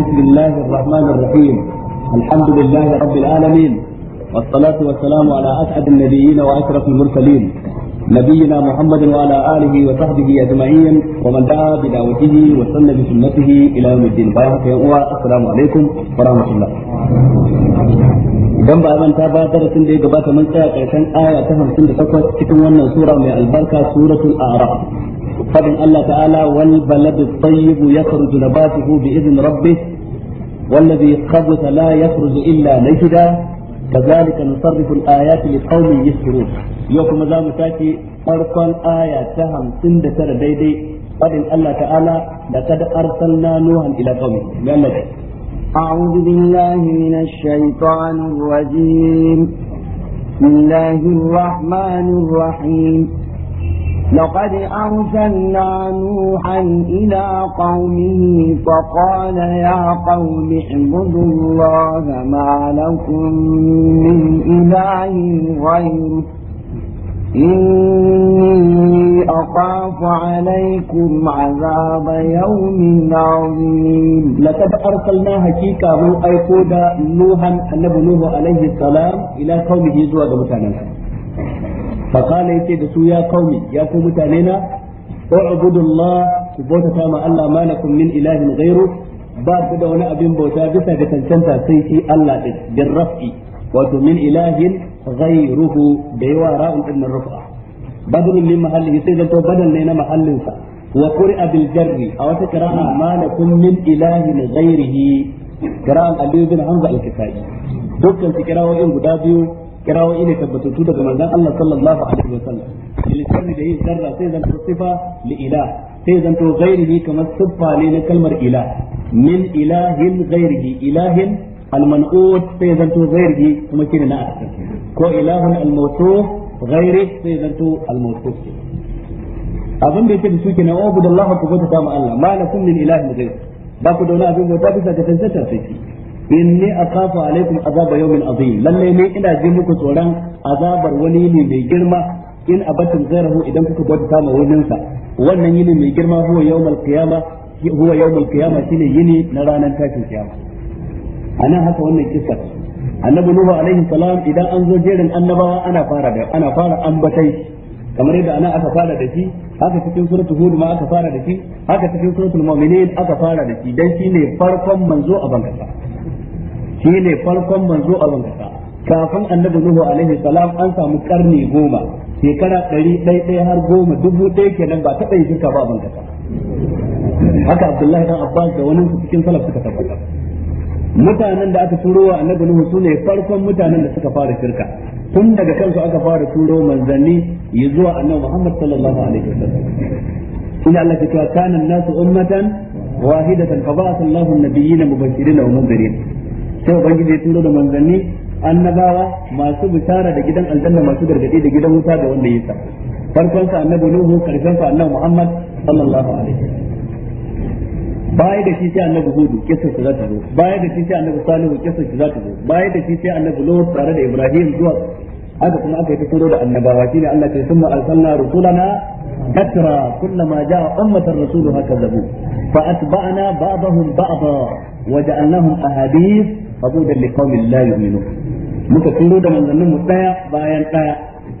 بسم الله الرحمن الرحيم الحمد لله رب العالمين والصلاة والسلام على أسعد النبيين وأشرف المرسلين نبينا محمد وعلى آله وصحبه أجمعين ومن دعا بدعوته وسن بسنته إلى يوم الدين بارك يا السلام عليكم ورحمة الله idan ba a manta ba darasin da ya gabata mun tsaya karshen aya ta 58 cikin wannan sura mai albarka suratul a'raf فضل الله تعالى والبلد الطيب يخرج نباته بإذن ربه والذي خبث لا يخرج إلا نجدا كذلك نصرف الآيات لقوم يذكرون يوكم زام متاكي فرقا آية تهم سند تر ديدي فضل الله تعالى لقد أرسلنا نوحا إلى قومه لأنك أعوذ بالله من الشيطان الرجيم بسم الله الرحمن الرحيم لقد أرسلنا نوحا إلى قومه فقال يا قوم اعبدوا الله ما لكم من إله غيره إني أخاف عليكم عذاب يوم عظيم لقد أرسلنا حقيقة من أيقودا نوحا النبي نوح عليه السلام إلى قومه زوى متعنسا فقال يتي دسو يا قومي يا قوم تانينا اعبدوا الله كبوتا تاما الله ما لكم من إله غيره ba ku da wani abin bauta bisa ga cancanta sai shi Allah din bin raf'i yawa ra'un din rufa na mahallin sa wa qur'a a wata qira'a ma lakum guda biyu kirawoyi ne tabbatattu daga manzon Allah sallallahu alaihi wa sallam lisan da yin sarra sai zan to sifa li ila sai zan to ghairihi kamar siffa ne na kalmar ila min ilahin ghairihi ilahin المنقود سيزنتو غيره كما كنا كو إله الموصوف غيره سيزنتو الموصوف abin da yake da suke na ubudu Allah ku bauta ma Allah ma min ilahin ghayr ba ku da wani abin ta bisa ga tantance inni akhafu alaikum azaba yawmin azim lalle ne ina ji muku tsoron azabar wani ne mai girma in abatum zairahu idan kuka bauta ma wani sa wannan yini mai girma huwa yawmal qiyama huwa yawmal qiyama shine yini na ranar tashin kiyama anan haka wannan kissa annabi nuhu alaihi salam idan an zo jerin annabawa ana fara da ana fara ambatai kamar yadda ana aka fara da shi haka cikin suratul hud ma aka fara da shi haka cikin suratul mu'minin aka fara da shi dan shine farkon manzo a bangasa ne farkon manzo a bangasa kafin annabi nuhu alaihi salam an samu karni goma shekara ɗari ɗai ɗaya har goma dubu ɗaya kenan ba taɓa yi shirka ba a bangasa haka abdullahi dan abbas da wani cikin salaf suka tabbatar mutanen da aka turo wa annabi nuhu sune farkon mutanen da suka fara shirka tun daga kansu aka fara turo manzanni ya zuwa annabi Muhammad sallallahu alaihi wasallam inda Allah ya cewa kana nasu ummatan wahidatan fa ba'atha Allahu an-nabiyyin mubashirin wa munzirin sai ubangiji ya turo da manzanni annabawa masu bishara da gidan aljanna masu gargadi da gidan wuta da wanda yasa farkon sa annabi Nuhu karshen sa annabi Muhammad sallallahu alaihi wasallam baya da shi sai annabi hudu kisar shi za ta zo baya da shi sai annabi salihu kisar shi za ta zo baya da shi sai annabi lot tare da ibrahim zuwa haka kuma aka yi ta turo da annabawa shine Allah ke sunna arsalna rusulana katra kullama jaa ummatan rasulu haka zabu fa atba'na ba'dahum ba'da wa ja'alnahum ahadith fa budan liqaumin la yu'minun muka turo da manzannin mu daya bayan daya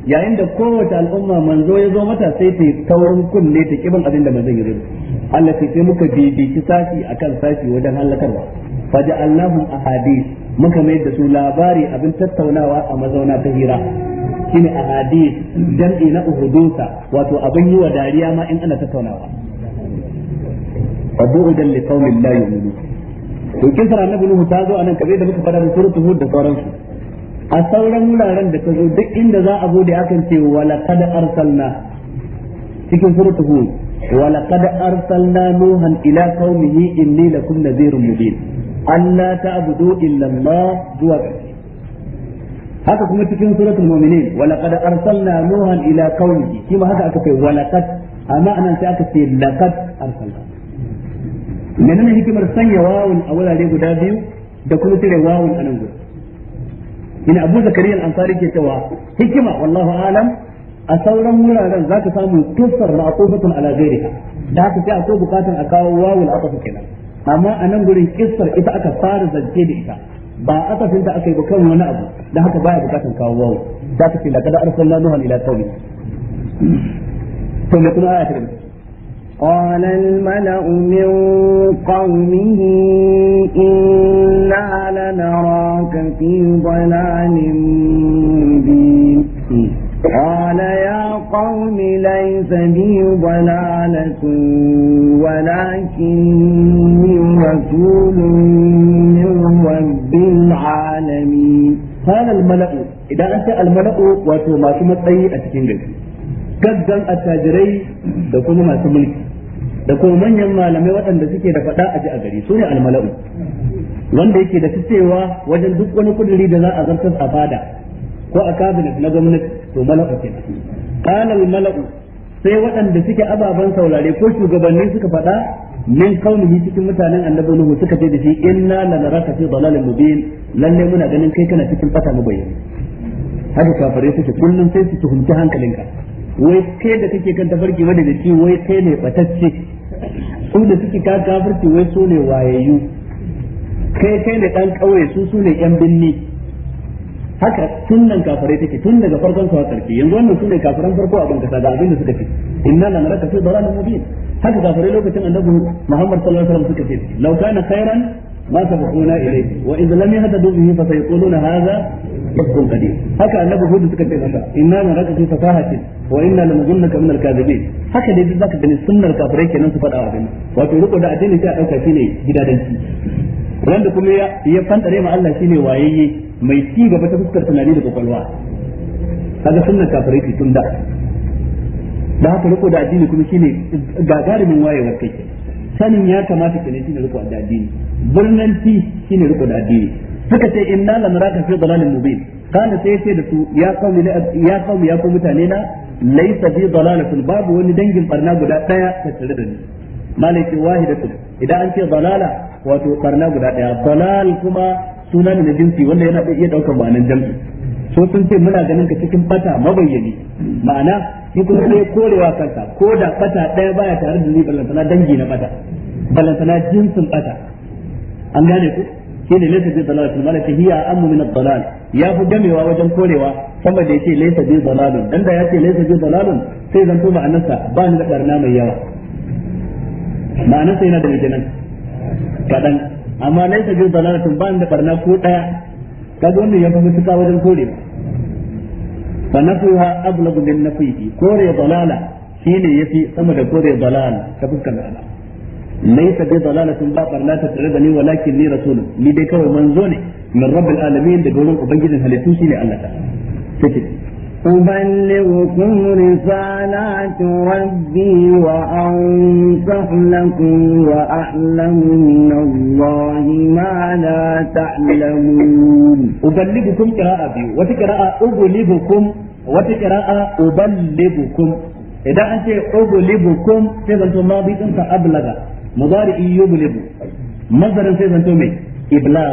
yayin da kowace al'umma manzo ya zo mata sai ta taurin kunne ta kiban abin da manzon ya zo Allah sai muka bibici sashi akan sashi wajen halakarwa faja'alnahum ahadith muka mai da su labari abin tattaunawa a mazauna ta hira shine ahadith jam'i na uhudusa wato abin yi wa dariya ma in ana tattaunawa fabu'udan liqaumin la yu'minun to kin sara annabi Nuhu ta zo anan kabe da muka fada da suratul hud da sauransu a sauran wuraren da ta zo duk inda za a bude akan ce wala kad arsalna cikin suratul hud wala kad arsalna nuhan ila qaumihi inni lakum nadhirun mubin alla ta'budu illa allah zuwa haka kuma cikin suratul mu'minin wala kad arsalna nuhan ila qaumihi kima haka aka kai wala kad amma anan sai aka ce laqad arsalna menene hikimar sanya wawun a wurare guda biyu da kuma cire wawun anan guda ina abu zakariya al-ansari ke cewa hikima wallahu alam a sauran wuraren zaka samu tuffar ma'qufatun ala ghairiha da haka sai a akwai bukatan a kawo wawul a aqaf kenan amma a nan gurin kissar ita aka fara zance da ita ba asafin da aka yi kan wani abu da haka baya bukatan kawo wawul da ta ce laqad arsalna nuhan ila qaumi to me kuma aya ta قال الملأ من قومه إنا لنراك في ضلال مبين قال يا قوم ليس بي ضلالة ولكني رسول من رب العالمين قال الملأ إذا أنت الملأ وتو ما تمت أي أتكين gaggan attajirai da kuma masu mulki da kuma manyan malamai waɗanda suke da faɗa a ji a gari su ne almala'u wanda yake da cewa wajen duk wani kuduri da za a zartar a fada ko a cabinet na gwamnati to mala'u ke qala mala'u sai waɗanda suke ababen saurare ko shugabanni suka faɗa min kaunihi cikin mutanen annabi Nuhu suka ce da shi inna naraka fi dalalin mubin lalle muna ganin kai kana cikin fata mabayyana haka kafare suke kullum sai su tuhumci hankalinka wai kai da kake kan tafarki wanda da ci wai kai ne batacce su da suke ka gafarci wai su ne wayayyu kai kai ne dan kauye su su ne yan binni haka nan kafare take tun daga farkon su a yanzu wannan su ne kafaran farko a bankasa da abin da suka ce inna la raka fi dalalin mubin haka kafare lokacin annabi Muhammad sallallahu alaihi wasallam suka ce law kana khairan ilayhi wa idh lam لم bihi fa sayquluna hadha sabqun qadir haka annabi hudu suka ce masa inna ma raka fi fasahatin wa inna min al-kadhibin haka dai duk zaka gani sunnar kafirai kenan su fada abin wato riko da addini sai a dauka shine gidadanci wanda kuma ya ya fantare ma Allah shine wayayye mai ci gaba ta fuskar tunani da kokolwa kaga sunnar kafirai ce tun da haka riko da addini kuma shine gagarumin wayewar sanin ya kamata kenan shine riko da addini shine riko da addini suka ce inna lanaraka fi dalalin mubin kana sai ce da su ya kaumi ya kaumi ya ko mutane na laysa fi dalalatin babu wani dangin barna guda daya tare da ni malaki wahidatun idan an ce dalala wato barna guda daya dalal kuma suna ne na jinsi wanda yana iya daukan ma'anan jam'i so sun ce muna ganin ka cikin fata mabayyani ma'ana shi kuma sai korewa kansa ko da fata daya baya tare da ni ballantana dangi na fata ballantana jinsin fata an gane ku shine laysa bi dalalatin malaka hiya ammu min ad-dalal ya fi gamewa wajen korewa sama da yace laysa bi dalalun dan da yace laysa bi dalalun sai zanto ma'anarsa ba ni da barna mai yawa ma'anarsa yana da mutanen kadan amma laysa bi dalalatin ba ni da barna ko daya kaga wannan ya fi mutuka wajen korewa fa nafiha ablagu min nafihi kore dalala shine yafi sama da kore dalala ta fuskar Allah laysa bi dalalatin ba barna ta tare da ni walakin ni rasulun ni dai kawai manzo ne min rabbil alamin daga wurin ubangijin halittu shine Allah ta أبلغكم رسالات ربي وأنصح لكم وأعلم من الله ما لا تعلمون أبلغكم قراءة وتقراءة أبلغكم وتقراءة أبلغكم إذا أنت أبلغكم تظل ماضي أنت أبلغ mudari'i yublibu mazarin sai zanto mai ibla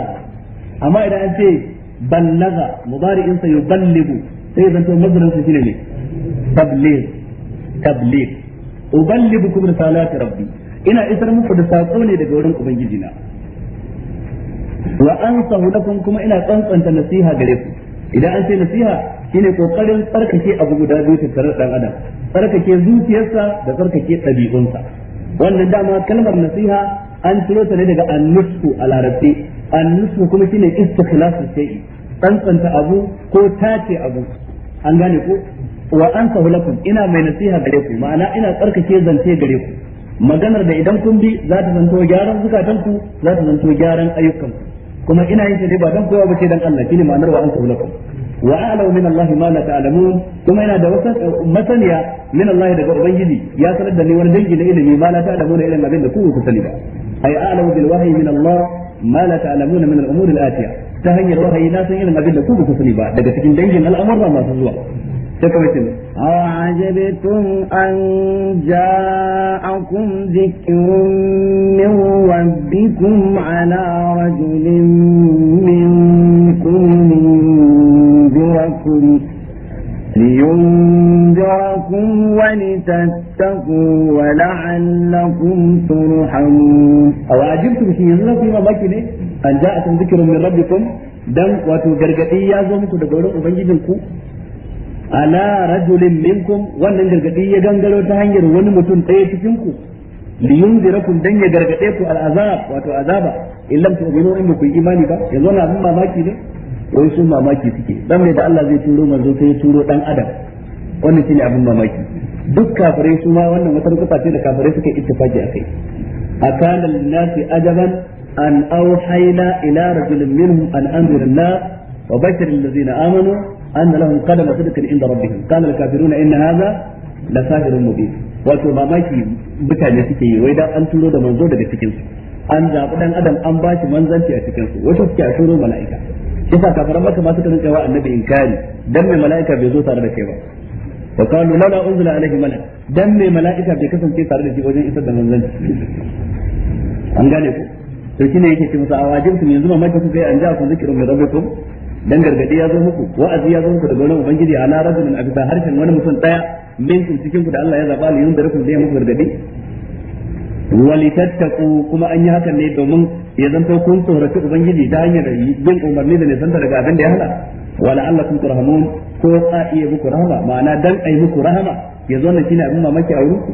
amma idan an ce ballaga mudari'in sa yuballigu sai zanto mazarin sa shine ne tabligh tabligh uballighukum risalati rabbi ina isar muku da sako ne daga wurin ubangiji na wa ansahu lakum kuma ina tsantsanta nasiha gare ku idan an ce nasiha shine kokarin tsarkake abu guda biyu tattare da dan adam tsarkake zuciyarsa da tsarkake ɗabi'unsa wannan dama kalmar nasiha an ciro ta ne daga annusu a larabci annusu kuma shine istikhlasu shay'i tsantsanta abu ko tace abu an gane ku? wa an lakum ina mai nasiha gare ku ma'ana ina tsarkake zance gare ku maganar da idan kun bi za ta zanto gyaran zukatan ku za ta zanto gyaran ayyukan kuma ina yin ta ba dan kowa ba ce dan Allah shine ma'anar wa an lakum wa a'lamu min Allah ma la ta'lamun kuma yana da wata eh, masaniya min Allah daga ubangiji ya sanar da ni wani dangi na ilimi ma la ta'lamuna irin abin da ku ku sani ba ai a'lamu bil wahyi min Allah ma la ta'lamuna min al-umur al-atiya ta hanyar wahayi na san irin ku sani ba daga cikin dangin al'amurra masu zuwa أعجبتم أن جاءكم ذكر من ربكم على رجل من لينذركم لينذركم ولتتقوا ولعلكم ترحمون أو عجبتم شيء ينزل فيما مكنه أن جاءكم ذكر من ربكم دم وتجرقتي a زومكم تقولوا أبنجدكم ala rajulin minkum wannan gargadi ya gangaro ta hanyar wani mutum ɗaya cikin ku li yunzirakum dan ya gargade ku al'azab wato azaba illam tu'minu in ku imani ba yanzu wannan abin mamaki ne wai sun mamaki suke dan mai da Allah zai turo manzo sai ya turo dan adam wannan shine abin mamaki duk kafirai su ma wannan wata rukuta ce da kafirai suke ittifaki akai akana linnasi ajaban an awhayna ila rajulin minhum an anzir an-nas wa bashir alladhina amanu anna lahum qadama sidqin inda rabbihim qala al-kafiruna inna hadha la sahirun mubin wato mamaki mutane suke yi wai dan an turo da manzo daga cikin su an zaɓi dan adam an bashi manzanci a cikin su wato suke a turo mala'ika kisa kafaran maka masu kanin cewa annabi in inkari dan mai mala'ika bai zo tare da kai ba wa qalu lana unzila alaihi malak dan mai mala'ika bai kasance tare da shi wajen isar da manzanci an gane ku to shine yake ce musu a wajibtum yanzu ma maka kuka yi an ja ku zikirin min rabbikum dan gargadi ya zo muku wa'azi ya zo muku daga wurin ubangiji ala rajulin abisa harshen wani mutum daya min cikin ku da Allah ya zaba li yundarukum da ya muku gargadi walitattaku kuma an yi hakan ne domin ya zanto kun tsorafi ubangiji ta hanyar yin umarni da nisanta daga abin da ya hada wala Allah kun ko a iya muku rahama ma'ana dan ai muku rahama ya zo na shine abin mamaki a wurinku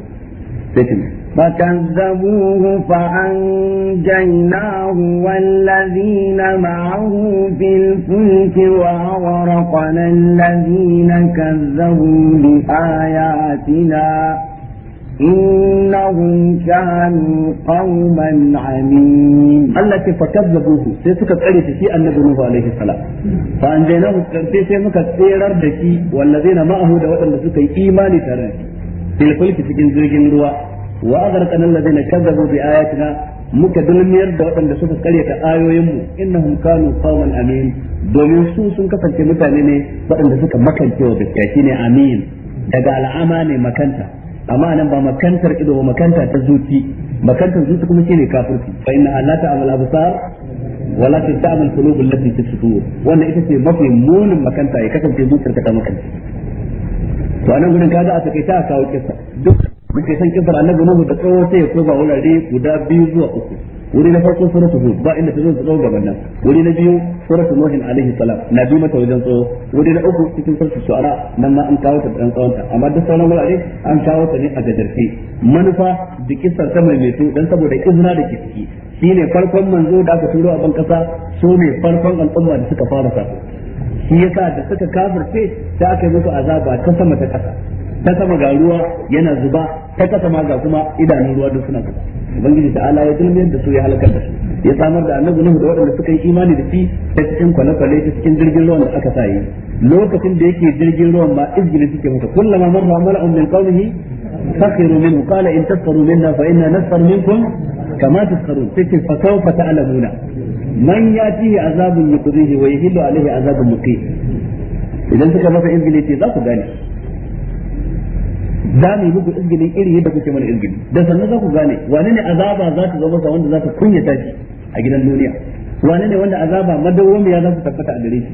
sai فكذبوه فأنجيناه والذين معه في الفلك وأغرقنا الذين كذبوا بآياتنا إنهم كانوا قوما عمين التي فكذبوه sai suka tsare shi annabi Nuhu alaihi salam fa anjaynahu sai sai muka tserar da shi wallazina ma'ahu da waɗanda suka yi imani tare da cikin jirgin ruwa wa agharqana allazina kazzabu bi ayatina muka dulmiyar da waɗanda suka karyata ayoyinmu innahum kanu qauman amin domin su sun kasance mutane ne waɗanda suka makance wa gaskiya shine amin daga al'ama ne makanta amma nan ba makantar ido ba makanta ta zuci makantar zuci kuma shine kafirci fa inna allata amal absar wala ta'mal qulub allati fi sudur wannan ita ce mafi munin makanta ya kasance zuciyar ta makanta to anan gudun kaga a take ta kawo kissa duk muke san kissar annabi Nuhu da tsawo sai ya koma wurare guda biyu zuwa uku wuri na farko suratul hud ba inda ta zo gaban nan wuri na biyu suratul nuh alaihi salam na biyu mata wajen tsoro wuri na uku cikin suratul shu'ara nan ma an kawo ta dan tsawonta amma duk sauran wurare an kawo ta ne a gajarce manufa da kissar ta mai mutu dan saboda izina da kiski shi shine farkon manzo da aka turo a ban kasa so ne farkon al'umma da suka fara sa shi yasa da suka kafirce sai aka yi musu azaba ta sama ta kasa ta sama ga ruwa yana zuba ta kasa ma ga kuma idanun ruwa duk suna zuba ubangiji ala ya dulmiyar da su ya halakar da su ya samar da annabi nuhu da waɗanda suka yi imani da shi ta cikin kwale-kwale ta cikin jirgin ruwan da aka sa yi lokacin da yake jirgin ruwan ma izgili suke masa kullama marra mala'un min qawlihi sakhiru minhu qala in tasfaru minna fa inna nasfaru minkum kama tasfarun take fa sawfa ta'lamuna man yatihi azabun yuqdihi wa yahillu alayhi azabun muqim idan suka masa izgili ce za ku gane za mu yi muku izgilin irin yadda kuke mana izgili da sannan za ku gane wane ne azaba za ta zama sa wanda za ta kunya shi a gidan duniya wane ne wanda azaba madawwamiya za su tabbata a gare shi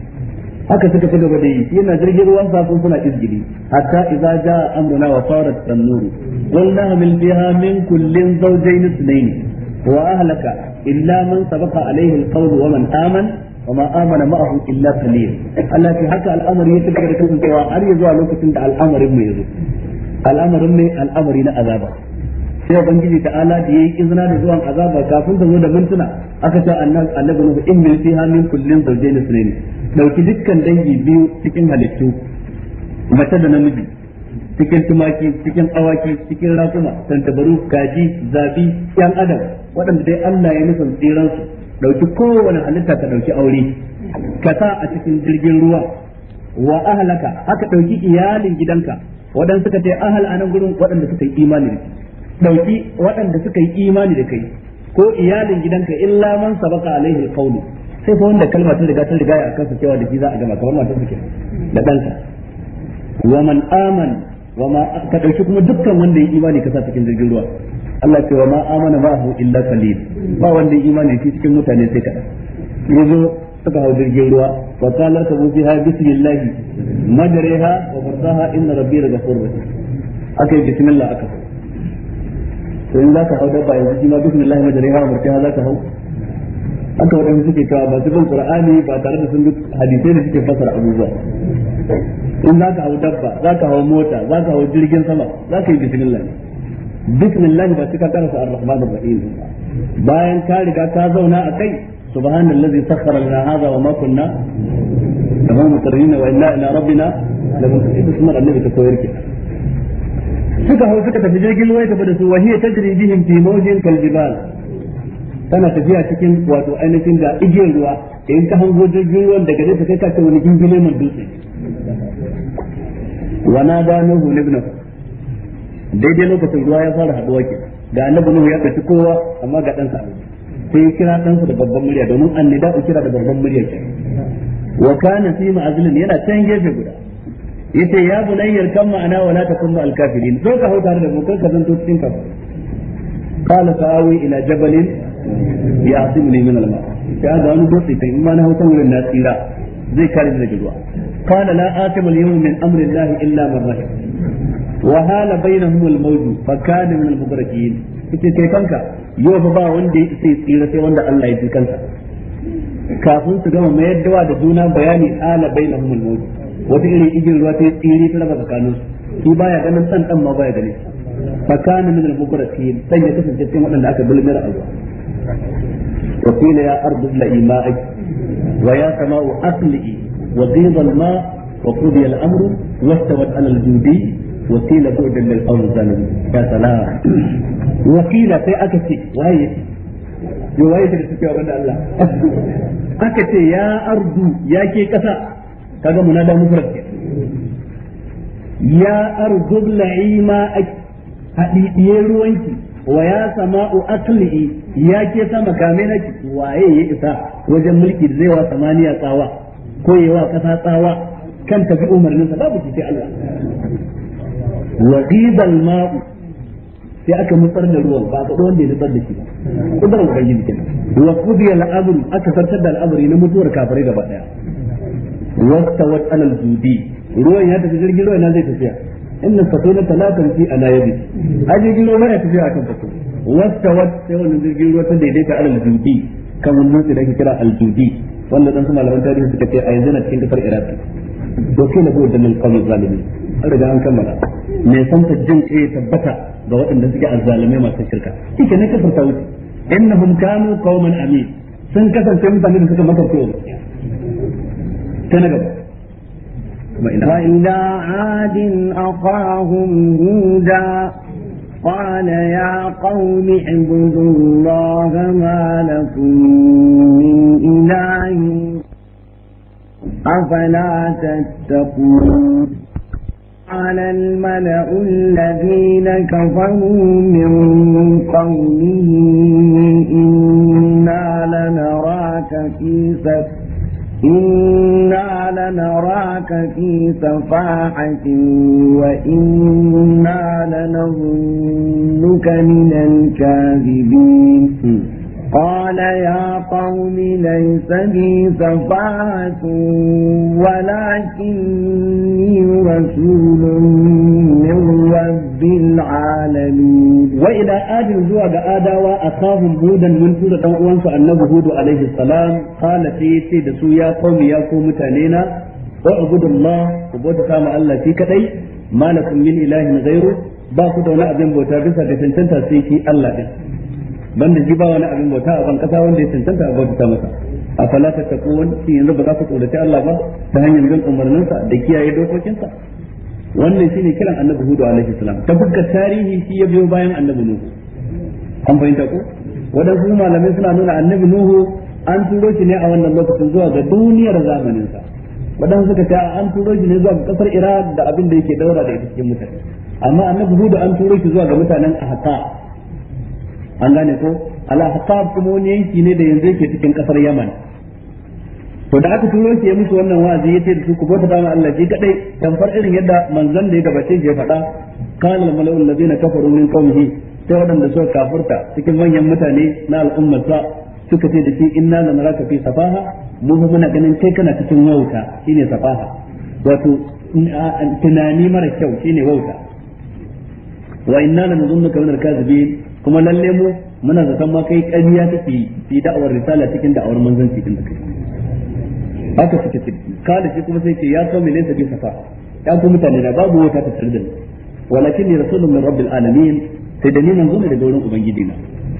haka suka fi gaba da yi yana jirgin ruwan safin suna izgili hatta idza jaa amruna wa farat an-nuru qulna min fiha min kullin zawjayn ithnayn wa ahlaka illa man sabaqa alayhi al-qawl wa man amana وما آمن معه إلا قليل التي هكا الأمر يتبقى لكم سواء أري زوا لوكتين دا الأمر يزو al'amarin mai al'amari na azaba sai ubangiji ta'ala da yayi izina da zuwan azaba kafin ta zo da mintuna aka ce annabi nuhu in min fiha min kullin zawjayn ithnayn dauki dukkan dangi biyu cikin halittu mace da namiji cikin tumaki cikin awaki cikin rakuma tantabaru kaji zabi yan adam waɗanda dai Allah ya nufin tsiran su dauki kowane halitta ka dauki aure ka sa a cikin jirgin ruwa wa ahlaka haka dauki iyalin gidanka waɗanda suka ce ahal anan gurin waɗanda suka yi imani da dauki waɗanda suka yi imani da kai ko iyalin gidanka illa man sabaka alaihi alqawlu sai fa wanda kalma ta riga ta riga ya kansa cewa da shi za a gama kamar matar suke da ɗansa. wa man aman wa ma ka dauki kuma dukkan wanda ya imani ka sa cikin jirgin ruwa Allah ce wa ma amana ma hu illa qalil ba wanda ya imani shi cikin mutane sai kaɗan yazo suka hau jirgin ruwa wa qala kabu biha bismillah majriha wa mursaha inna rabbi la ghafurur rahim akai bismillah aka to in za ka hau dabba yanzu kima bismillah majriha wa za ka hau haka wadanda suke cewa ba su bin qur'ani ba tare da sun duk hadisai da suke fasara abubuwa in zaka hau dabba Za ka hau mota Za ka hau jirgin sama zaka yi bismillah bismillah ba suka karasa ar-rahmanir rahim bayan ka riga ka zauna a kai سبحان الذي سخر لنا هذا وما كنا تمام مترين وإنا إلى ربنا لمنتقين بسم الله النبي تصوير كده سكة هو سكة في جيك الوية تبدس وهي تجري بهم في موج كالجبال أنا تفيها تكين واتو أنا تنجا إجي الوا إن كهم وجو جيوان دكذي سكتا تونيكين بلي من دوسي ونادى نوه لابنه دي دي لوكة الجوايا صالحة بوكي ده أنه بنوه يبتكوه أما قد أنسى عليه sai ya kira ɗansa da babban murya domin annida kira da babban murya ke wa kana fi ma'azilin yana can gefe guda yace ya bunayyar kan ma'ana wala takun ma alkafirin zo ka hauta da mu ka zanto cikin ka qala sa'awi ila jabalin ya'simuni min al-ma ya ga wani dutse sai in ma na hauta wurin na tsira zai kare ni daga ruwa qala la atima al-yawma min amri Allah illa man rahim wa hala bainahum al-mawj fa kana min al-mughrakin yace kai kanka yau fa ba wanda ya isa tsira sai wanda Allah ya ji kansa kafin su gama mayar dawa da juna bayani ala bainahum al-maut wata irin igin ruwa ta tsiri ta raba tsakanin su shi baya ganin san dan ma baya ganin fakana min al-mukratin sai ya kasance cikin waɗanda aka bulmira a ruwa wa qila ya ardu la'i ma'ak wa ya sama'u asli'i wa ghidha al-ma' wa qudiya al-amru wastawat ala al-judi وقيل بعد للقوم الظالمين يا سلام وقيل في أكسي وهي رواية تسكي وعند الله أكسي يا أرض يا كي كسا كذا منادى مفرد يا أرض ابلعي ماءك هديئي روانك ويا سماء أقلئي يا كي سما كامنك وهي إسا وجن ملكي زيوة ثمانية طاوة كوي وكسا طاوة كان تفي أمر نسا بابك في الله wa ghibal ma'u sai aka mutsar da ruwan ba ka wanda ya nutsar da shi ba kudar ubangiji kenan wa qudiya al aka sarkar da al'amari na mutuwar kafirai gaba daya wastawat alal judi ruwan ya tafi jirgin ruwan na zai tafiya inna safinata la tamshi ala yadi ajirgin ruwan tafiya akan fasu wastawat sai wannan jirgin ruwa ta daidaita alal judi kan wannan da ake kira al judi wanda dan a yanzu na cikin kasar iraq da an riga an kammala me san ta jin ya tabbata ga waɗanda suke azzalume masu shirka kike ne kafirta wuce innahum kanu qauman amin sun kasance mutane da suka makarce wa ta na gaba وإلى عاد أخاهم هودا قال يا قوم اعبدوا الله ما لكم من إله أفلا على الملأ الذين كفروا من قومه إنا لنراك في سفر إنا لنراك في سفاحة وإنا لنظنك من الكاذبين قال يا قوم ليس بي سفاة ولكني رسول من رب العالمين وإلى آد زوج آدى أخاهم هودا من سورة أوانس أنه هود عليه السلام قال في سيد يا قوم يا قوم تانينا اعبدوا الله وبوت قام الله في كتي ما لكم من إله غيره باكو دونا أبن بوتا بسا بسنتنتا سيكي الله بسا banda ji ba wani abin bauta a ban kasa wanda ya cancanta a bauta masa a fala ta takuwan shi yanzu ba za ku tsorace Allah ba ta hanyar bin umarninsa da kiyaye dokokinsa wannan shine kiran annabi hudu alaihi salam ta fuskar tarihi shi ya biyo bayan annabi nuhu an fahimta ko waɗansu malamai suna nuna annabi nuhu an turo shi ne a wannan lokacin zuwa ga duniyar zamaninsa waɗansu suka ce an turo shi ne zuwa ga ƙasar iraq da abin da yake daura da ita cikin mutane amma annabi hudu an turo shi zuwa ga mutanen a an gane ko al-ahqab kuma wani yanki ne da yanzu yake cikin kasar Yaman to da aka turo shi ya musu wannan wa'azi yace da su ku bauta da Allah ji kadai far irin yadda manzon da ya gabace shi ya faɗa kana malau allazina kafaru min qawmihi sai waɗanda suka kafurta cikin manyan mutane na al'ummarsa suka ce da shi inna lanaraka fi safaha mu fa muna ganin kai kana cikin wauta shine safaha wato tunani mara kyau shine wauta wa inna lanazunnuka min al-kadhibin kuma lalle mu muna zaton ma kai ƙarya kake fi da'awar risala cikin da'awar manzanci din da kai haka suka ce kada shi kuma sai ce ya kawo mai ta bi safa ya ku mutane da babu wata ta tsirda walakin ni rasulun min rabbil alamin sai da ni manzo ne daga wurin ubangiji na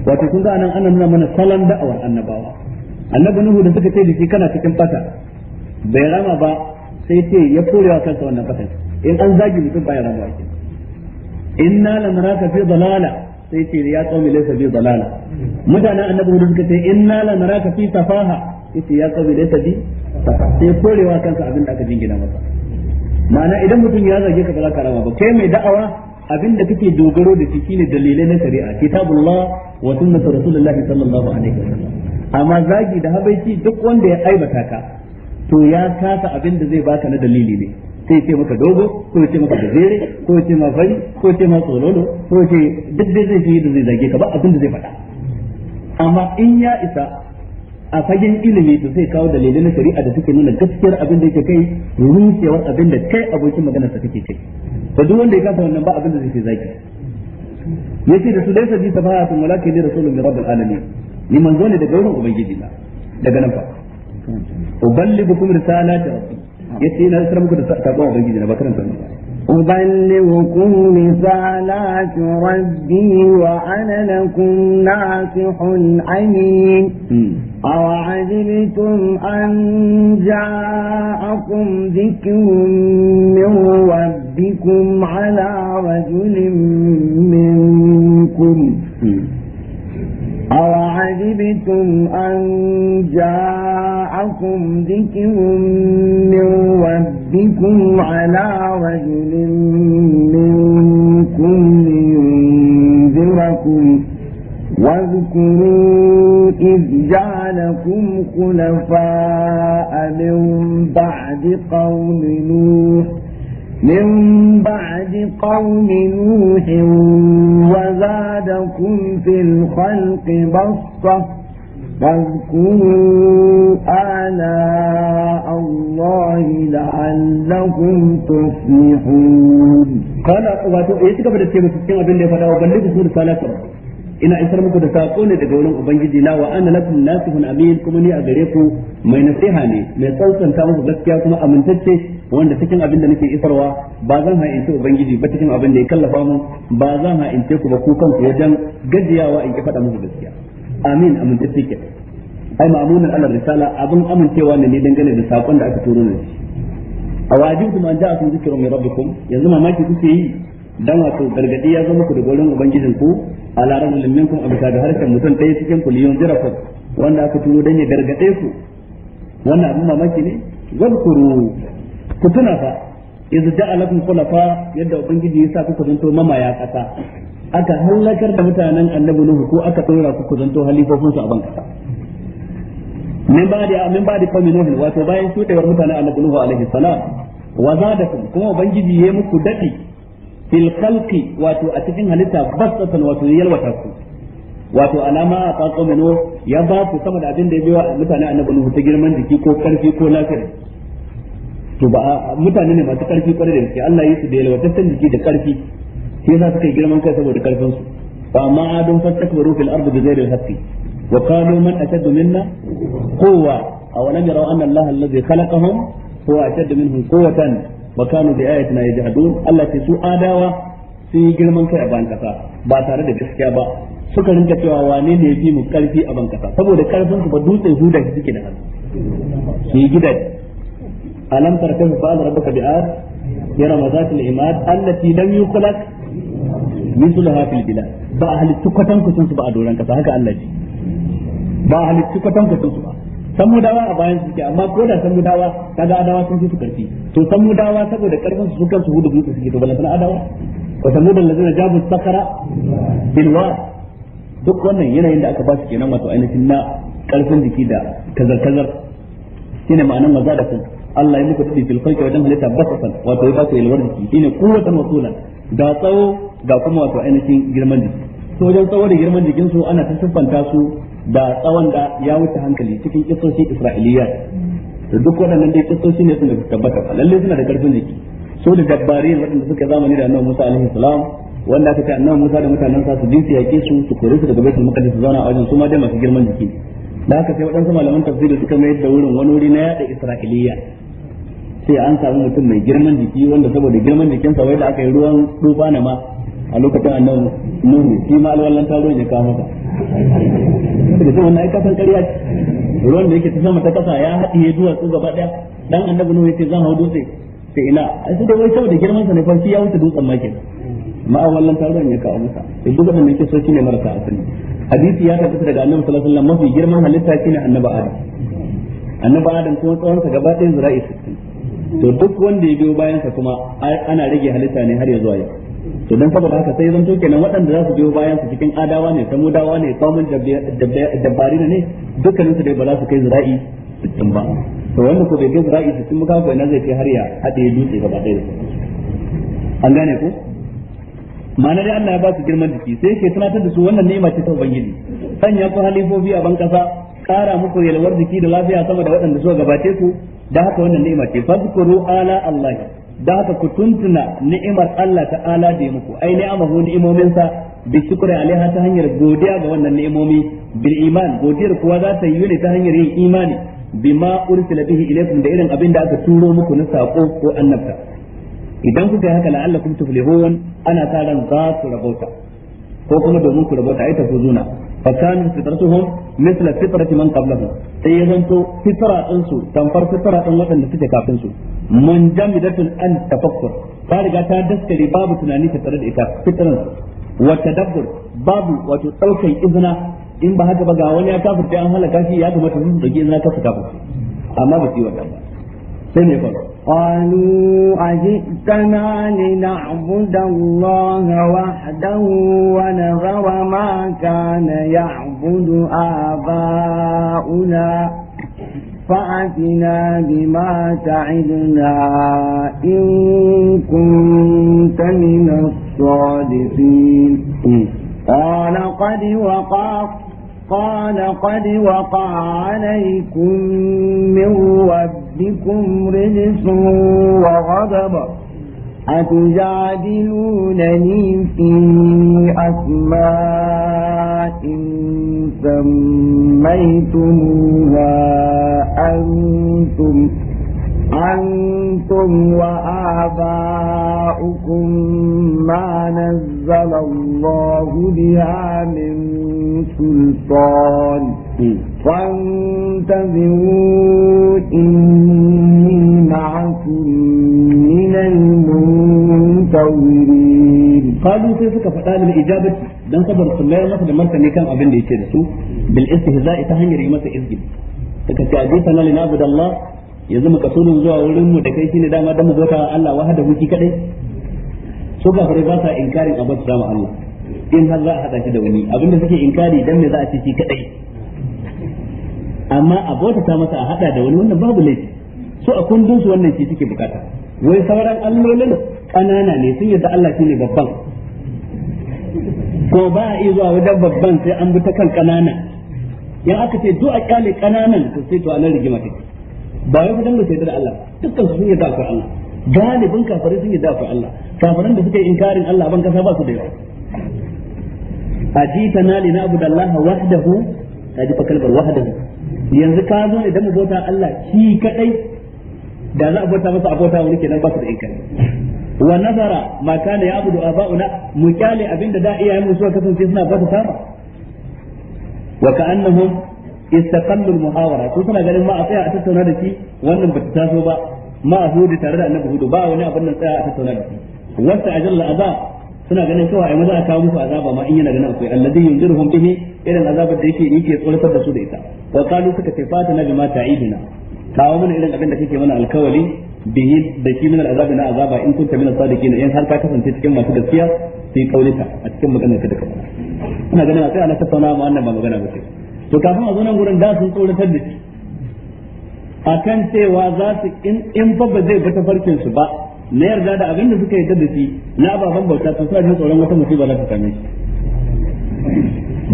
wato kun ga anan ana nuna mana salon da'awar annabawa annabi nuhu da suka ce da shi kana cikin fata bai rama ba sai ce ya korewa kansa wannan fatan in an zagi mutum baya rama ake inna lamraka fi dalala sai ce ya qaumi laysa bi dalala mutanen annabi hudu suka ce nala la naraka fi safaha yace ya qaumi laysa bi sai korewa kansa abinda aka jingina masa ma'ana idan mutum ya zage ka ba za rama ba kai mai da'awa abinda kake dogaro da shi shine dalilai na shari'a kitabullah wa sunnatu rasulullahi sallallahu alaihi wasallam amma zagi da habaici duk wanda ya aibata ka to ya kasa abin da zai baka na dalili ne sai ce maka dogo ko ce maka gajere ko ce ma fari ko ce ma tsololo ko ce duk dai zai fi da zai zage ka ba abin da zai faɗa amma in ya isa a fagen ilimi to sai kawo dalilai na shari'a da suke nuna gaskiyar abin da yake kai rushewar abin da kai abokin magana ta kake kai da duk wanda ya kasa wannan ba abin da zai zaki yace da su dai sabi safahatun walaki ne rasulun rabbil alamin ni manzo ne daga wurin ubangiji na daga nan fa uballighukum risalati rabbi yace na sanar muku da sakon ubangiji na ba karanta أبلغكم رسالات ربي وأنا لكم ناصح أمين أوعجبتم أن جاءكم ذكر من ربكم على رجل منكم أَوَعَجِبْتُمْ أَنْ جَاءَكُمْ ذِكْرٌ مِّنْ رَبِّكُمْ عَلَى رَجُلٍ مِّنْكُمْ لِيُنْذِرَكُمْ واذكروا إذ جعلكم خلفاء من بعد قوم نوح من بعد قوم نوح وزادكم في الخلق بسطة فاذكروا آلاء الله لعلكم تفلحون قال واتو ايه تكبر السيمة السيمة بين لي فلا سورة صلاة ina isar muku da sako ne daga wurin ubangiji na wa ana lakum nasihun amin kuma ni a gare ku mai nasiha ne mai tsantsanta muku gaskiya kuma amintacce wanda cikin abin da nake isarwa ba zan ha'ince ubangiji ba cikin abin da ya kallafa mu ba zan ha'ince ku ba ku kanku wajen gajiyawa in ki faɗa muku gaskiya amin amin ta ke ai ma'amunan Allah risala abin amincewa ne ne dangane da sakon da aka turo ne a kuma an sun zikirun mai rabbikum yanzu mamaki kuke yi dan wato gargadi ya zama ku da gurin ubangijin ku a laran minkum a bisa ga harshen mutum ɗaya cikin ku liyon jirafa wanda aka turo dan ya gargaɗe ku wannan abin mamaki ne wadkuru ku tuna fa idza ja'alakum khulafa yadda ubangiji ya sa ku zanto mamaya kasa aka halakar da mutanen annabi nuhu ko aka tsora ku ku zanto halifofin su a ban kasa min ba da min ba da kawmi nuhu wato bayan shudewar mutanen annabi nuhu alaihi salam wa zadakum kuma ubangiji ya muku dadi fil khalqi wato a cikin halitta basatan wato yalwata ku wato alama a tsatso ya ba ku sama da abin da ya biyo mutane annabi nuhu ta girman jiki ko karfi ko lafiya to ba mutane ne masu karfi kwarai da gaske Allah yi su da yalwataccen jiki da karfi shi yasa suka yi girman kai saboda karfin su fa ma adun fastakbaru fil ardi bi ghairi al-haqqi wa qalu man ashaddu minna quwwa aw lam yaraw anna Allah alladhi khalaqahum huwa ashaddu minhum quwwatan wa kanu bi ayatina yajhadun Allah ce su adawa sun yi girman kai a ban ba tare da gaskiya ba suka rinka cewa wane ne ya fi mu karfi a ban kasa saboda karfin su ba dutse huda suke da hannu su yi gidaje alam tarkam fa'al rabbuka bi'ad ya ramadatul imad allati lam yukhlaq mislaha fil bilad ba a halittu kwatankwacin su ba a doron kasa haka Allah ji ba a halittu kwatankwacin su ba samudawa a bayan suke amma ko da samudawa kaga adawa sun fi su karfi to dawa saboda karfin su kansu hudu biyu suke to balantana adawa wa samudan lazina jabu sakara bilwa duk wannan yanayin da aka ba su kenan wato ainihin na karfin jiki da kazar-kazar shine ma'anan maza da kuma Allah ya muku tafi fil khalqi wajen halitta basasan wato ya ba ku yalwar jiki shine kuwatan wasulan ga tsawo ga kuma wato ainihin girman jiki to wajen tsawo da girman jikin su ana ta siffanta su da tsawon da ya wuce hankali cikin kisoshi Isra'iliya to duk waɗannan dai kisoshi ne sun da tabbata lalle suna da karfin jiki so da dabbari waɗanda suka zamani da Annabi Musa alaihi salam wanda aka ce Annabi Musa da mutanen sa su dinsu yake su su kore su daga baitul maqdis su zauna a wajen su ma dai masu girman jiki da haka sai waɗansu malaman tafsiri suka mai da wurin wani wuri na yaɗa Isra'iliya sai an samu mutum mai girman jiki wanda saboda girman jikinsa wai da aka yi ruwan tsufa na ma a lokacin annan nuhu shi ma alwallan ta ruwan ya kawo masa da sai wannan aika san ƙarya ruwan da yake ta sama ta kasa ya haɗiye duwatsu gaba ɗaya dan annabi nuhu yace zan hau dutse sai ina a sai da wai saboda girman sa ne kwanci ya wuce dutsen ma ma alwallan taro ruwan ya kawo masa duk wannan yake so ne marasa asali hadisi ya tabbata daga annabi sallallahu alaihi wasallam mafi girman halitta shine annabi adam annabi adam kuma tsawon sa gaba ɗaya zira'i to duk wanda ya biyo bayan sa kuma ana rage halitta ne har ya zuwa yau to dan saboda haka sai zanto kenan waɗanda za su biyo bayan su cikin adawa ne mudawa ne samun dabbari ne dukkanin su dai ba za su kai zira'i cikin ba to wanda ko bai kai zira'i cikin ba ko na zai kai har ya haɗe dutse gaba ɗaya an gane ko ma'ana dai Allah ya ba su girman jiki sai yake tunatar da su wannan ne ma ta ubangiji sanya ku halifofi a ban kasa Kara muku yalwar jiki da lafiya sama da waɗanda suka gabace ku da haka wannan ni'ima ce fadkuru ala Allah da haka ku tuntuna ni'imar Allah ta ta'ala da muku ai ni'amahu ni'imomin sa bi shukri alaiha ta hanyar godiya ga wannan ni'imomi bil iman godiyar kuwa za ta yi ne ta hanyar yin imani bima ursila bihi ilaykum da irin abin da aka turo muku na sako ko annabta idan kuka yi haka la'allakum tuflihun ana sa ran za ku rabota ko kuma domin ku rabota ai tafuzuna فكانت فطرتهم مثل فطرة من قبلهم sai ya zanto fitara ɗinsu tamfar fitara ɗin waɗanda suke kafin su mun jamidatun an tafakkur ta riga ta daskare babu tunani ta tare da ita fitaran wa tadabbur babu wato ɗaukan izina in ba haka ba ga wani ya kafirce an halaka shi ya kamata su dauki izina kafir amma ba su yi wannan ba قالوا أجئتنا لنعبد الله وحده ونذر ما كان يعبد آباؤنا فأتنا بما تعدنا إن كنت من الصادقين قال قد وقع قال قد وقع عليكم من رب ربكم رجس وغضب أتجادلونني في أسماء سميتموها أنتم أنتم وآباؤكم ما نزل الله بها من سلطان فانتظروا إني معكم من المنتظرين قالوا سيسك فتاة للإجابة dan saboda su mayar masa da martani kan abin da yake da su bil istihza'i ta hanyar yi masa iski. suka ce abi sana lina abdullah yanzu mu kasulun zuwa wurin mu da kai shine dama dan mu zo ka Allah wahada muki kadai su gafare ba sa inkarin abin da Allah in har za a hada shi da wani abin da suke inkari dan me za a ci shi kadai amma a bauta ta masa a hada da wani wannan babu laifi su a kundin su wannan shi suke bukata wai sauran allolin kanana ne sun yadda Allah shine babban ko ba a iya zuwa wajen babban sai an bi ta kan kanana yan aka ce duk a kyale kananan to sai to anan rigima take ba wai fitan da sai da Allah dukkan su sun yadda akwai Allah galibin kafirai sun yadda akwai Allah kafiran da suka yi inkarin Allah ban kasa ba su da yawa A na ajitana lina abudallahi wahdahu kaji fa kalbar wahdahu yanzu ka zo idan mu bauta Allah shi kadai da za a bauta masa a bauta wani kenan ba su da inkari wa nazara ma kana ya'budu aba'una mu kyale abinda da iyaye mu suka kasance suna bauta sama wa ka'annahum istaqallu al-muhawara su suna ganin ma a tsaya a tattauna da shi wannan bata taso ba ma a hudu tare da annabi hudu ba wani abin nan tsaya a tattauna da shi wasta ajalla aba suna ganin cewa ai maza a kawo musu azaba ma in yana ganin akwai alladhi yunziruhum bihi irin azabar da yake yake tsoratar da su da ita wa qalu suka ce fata na bima ta'iduna kawo mana irin abin da kake mana alkawali bihi da shi mana azabi na azaba in kunta min sadiqin in har ka kasance cikin masu gaskiya sai kaulita a cikin maganar ka da kana ina ganin akwai ana tattauna ma wannan ba magana ba ce to kafin a zo nan gurin da sun tsoratar da shi akan cewa za su in in babba zai bata farkin su ba na yarda da abin da suka yarda da shi na baban bauta to suna jin tsoron wata musiba za ta same shi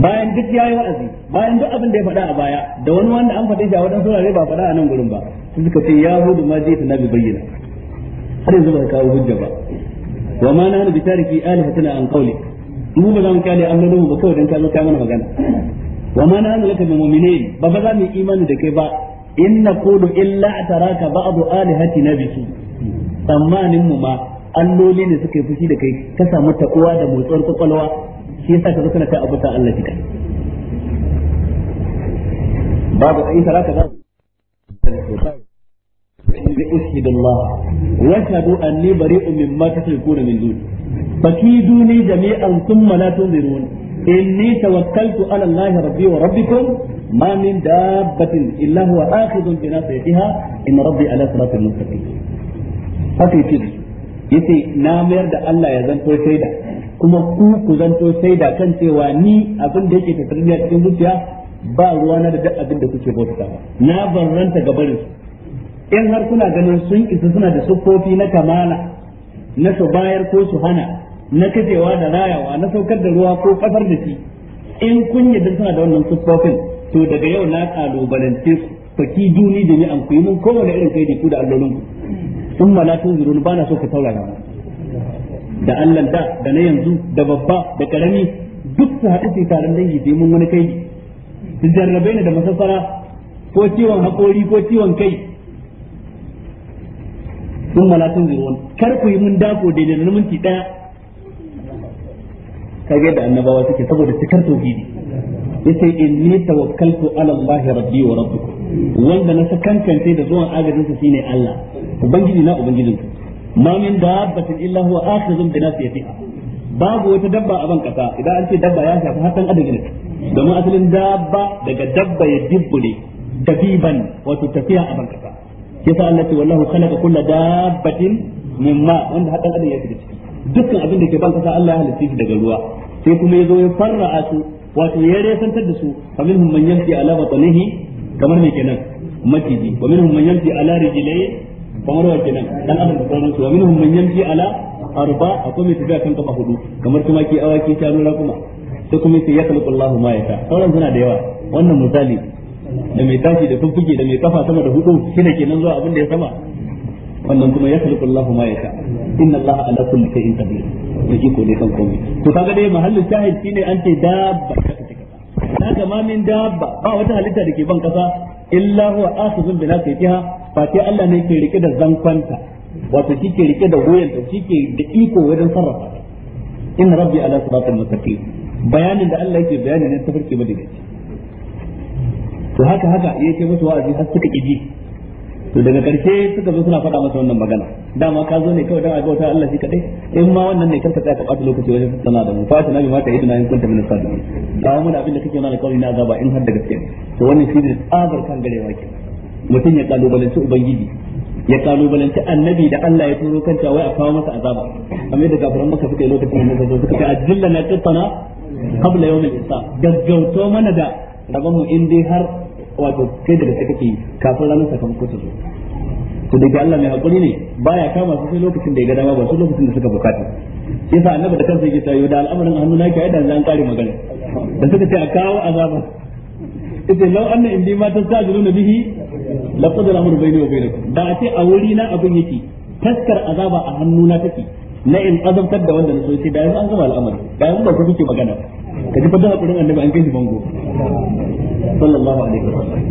bayan duk yayi wa'azi bayan duk abin da ya faɗa a baya da wani wanda an faɗe shi a wadan saurare ba faɗa a nan gurin ba sun suka ce hudu ma zai na bi bayyana har yanzu ba kawo hujja ba wa ma nanu bi tariki alihatina an qawli mu ba za mu kale an mu ba kawai dan ka zo ka mana magana wa ma nanu laka bi mu'minin ba ba za mu imani da kai ba in naqulu illa ataraka ba'du alihatina bisu tsammanin mu ma alloli ne suka yi fushi da kai ka samu takuwa da motsuwar kwakwalwa shi yasa ka zo kana ta abu ta Allah kika babu ai saraka da bi usmi billah wa ashhadu anni bari'un mimma tashrikuna min dun fakiduni jami'an thumma la tunzirun inni tawakkaltu ala allahi rabbi wa rabbikum ma min dabbatin illa huwa akhidun bi nasihatiha in rabbi ala siratin mustaqim haka yace da su na mayar da Allah ya zanto shaida kuma ku ku zanto shaida kan cewa ni abin da yake tattare da cikin zuciya ba ruwa na da duk abin da kuke bauta na barranta ga barin in har kuna ganin sun isa suna da siffofi na kamala na su bayar ko su hana na kajewa da rayawa na saukar da ruwa ko kasar da shi in kun da suna da wannan siffofin to daga yau na kalubalance ku faki duni da ni an kuyi mun kowane irin kai da ku da allolin ku sun mala tun zurun ba na so ka taurara da Allah da da na yanzu da babba da karami duk su haɗu su taron dangi su mun wani kai su jarrabe ni da masafara. ko ciwon haƙori ko ciwon kai sun mala tun zurun kar ku yi mun dako daidai mun minti ɗaya kage da annabawa suke saboda cikar tauhidi yace inni tawakkaltu ala allahi rabbi wa rabbukum wanda na sakankance da zuwan agajin sa shine Allah ubangiji na ubangijin ku ma min dabbatin illa huwa akhizun bi nasiyatiha babu wata dabba a ban kasa idan an ce dabba ya shafi har dan adam ne domin asalin dabba daga dabba ya dibbule dabiban wato tafiya a ban kasa yasa Allah ce wallahu khalaqa kulla dabbatin mimma wanda har dan adam ya shiga ciki dukkan abin da ke ban kasa Allah ya halitta shi daga ruwa sai kuma ya zo ya farra'a su wato ya resantar da su kamar man yamshi ala batnihi kamar me kenan maciji wa minhum man yamshi ala rijlai kamar wa kenan dan abin da sauran su wa minhum man yamshi ala arba akwai mai tafiya kan kafa hudu kamar tumaki awaki shanu kuma to kuma sai ya kalku Allahu ma ya ta sauran suna da yawa wannan misali da mai tashi da tuffuki da mai kafa sama da hudu shine kenan zuwa abin da ya sama wannan kuma ya kalku Allahu ma ya ta inna allah ala kulli shay'in qadir da ko ne kan komai to kaga dai mahallin shahid shine an ce dabba kaga ma min dabba ba wata halitta da ke ban kasa illa huwa akhizun bi nasiyatiha sai Allah ne ke rike da zankwanta wato shi ke rike da goyanta shi ke da iko wajen sarrafa inna rabbi ala siratal mustaqim bayanin da Allah yake bayani ne ta farke madaidaici to haka haka yake musu wa'azi har suka kiji to daga karshe suka zo suna faɗa masa wannan magana dama ka zo ne kawai dan aga Allah shi kadai in ma wannan ne karka tsaya ka ɓata lokaci wajen sana da mu fa ta nabi ma ta yi tunanin kunta min sadu kawo mana abin da kake mana kawai na zaba in har da gaske to wannan shi ne tsabar kan garewa kenan mutum ya kalubalanci ubangiji ya kalubalanci annabi da Allah ya turo kanta wai a kawo masa azaba amma da kafiran maka suka yi lokacin da suka suka ce ajilla na qitana qabla yawm al-hisab gaggauto mana da rabon mu in dai har wato kai da kake kake kafin ranar sakamako ta zo to daga Allah mai hakuri ne baya kama su sai lokacin da ya ga dama ba su lokacin da suka bukata yasa annabi da kansa yake tayo da al'amarin hannu na ke da an kare magana da suka ce a kawo azaba ita lau an matan indi jiru na bihi laqad al-amru bayni wa bainakum da a ce a wuri na abin yake taskar azaba a hannu na take na in azabtar da wanda na so sai da yanzu an gama al'amari da yanzu ba ku kuke magana ka ji fa da hakurin annabi an kai bango sallallahu alaihi wasallam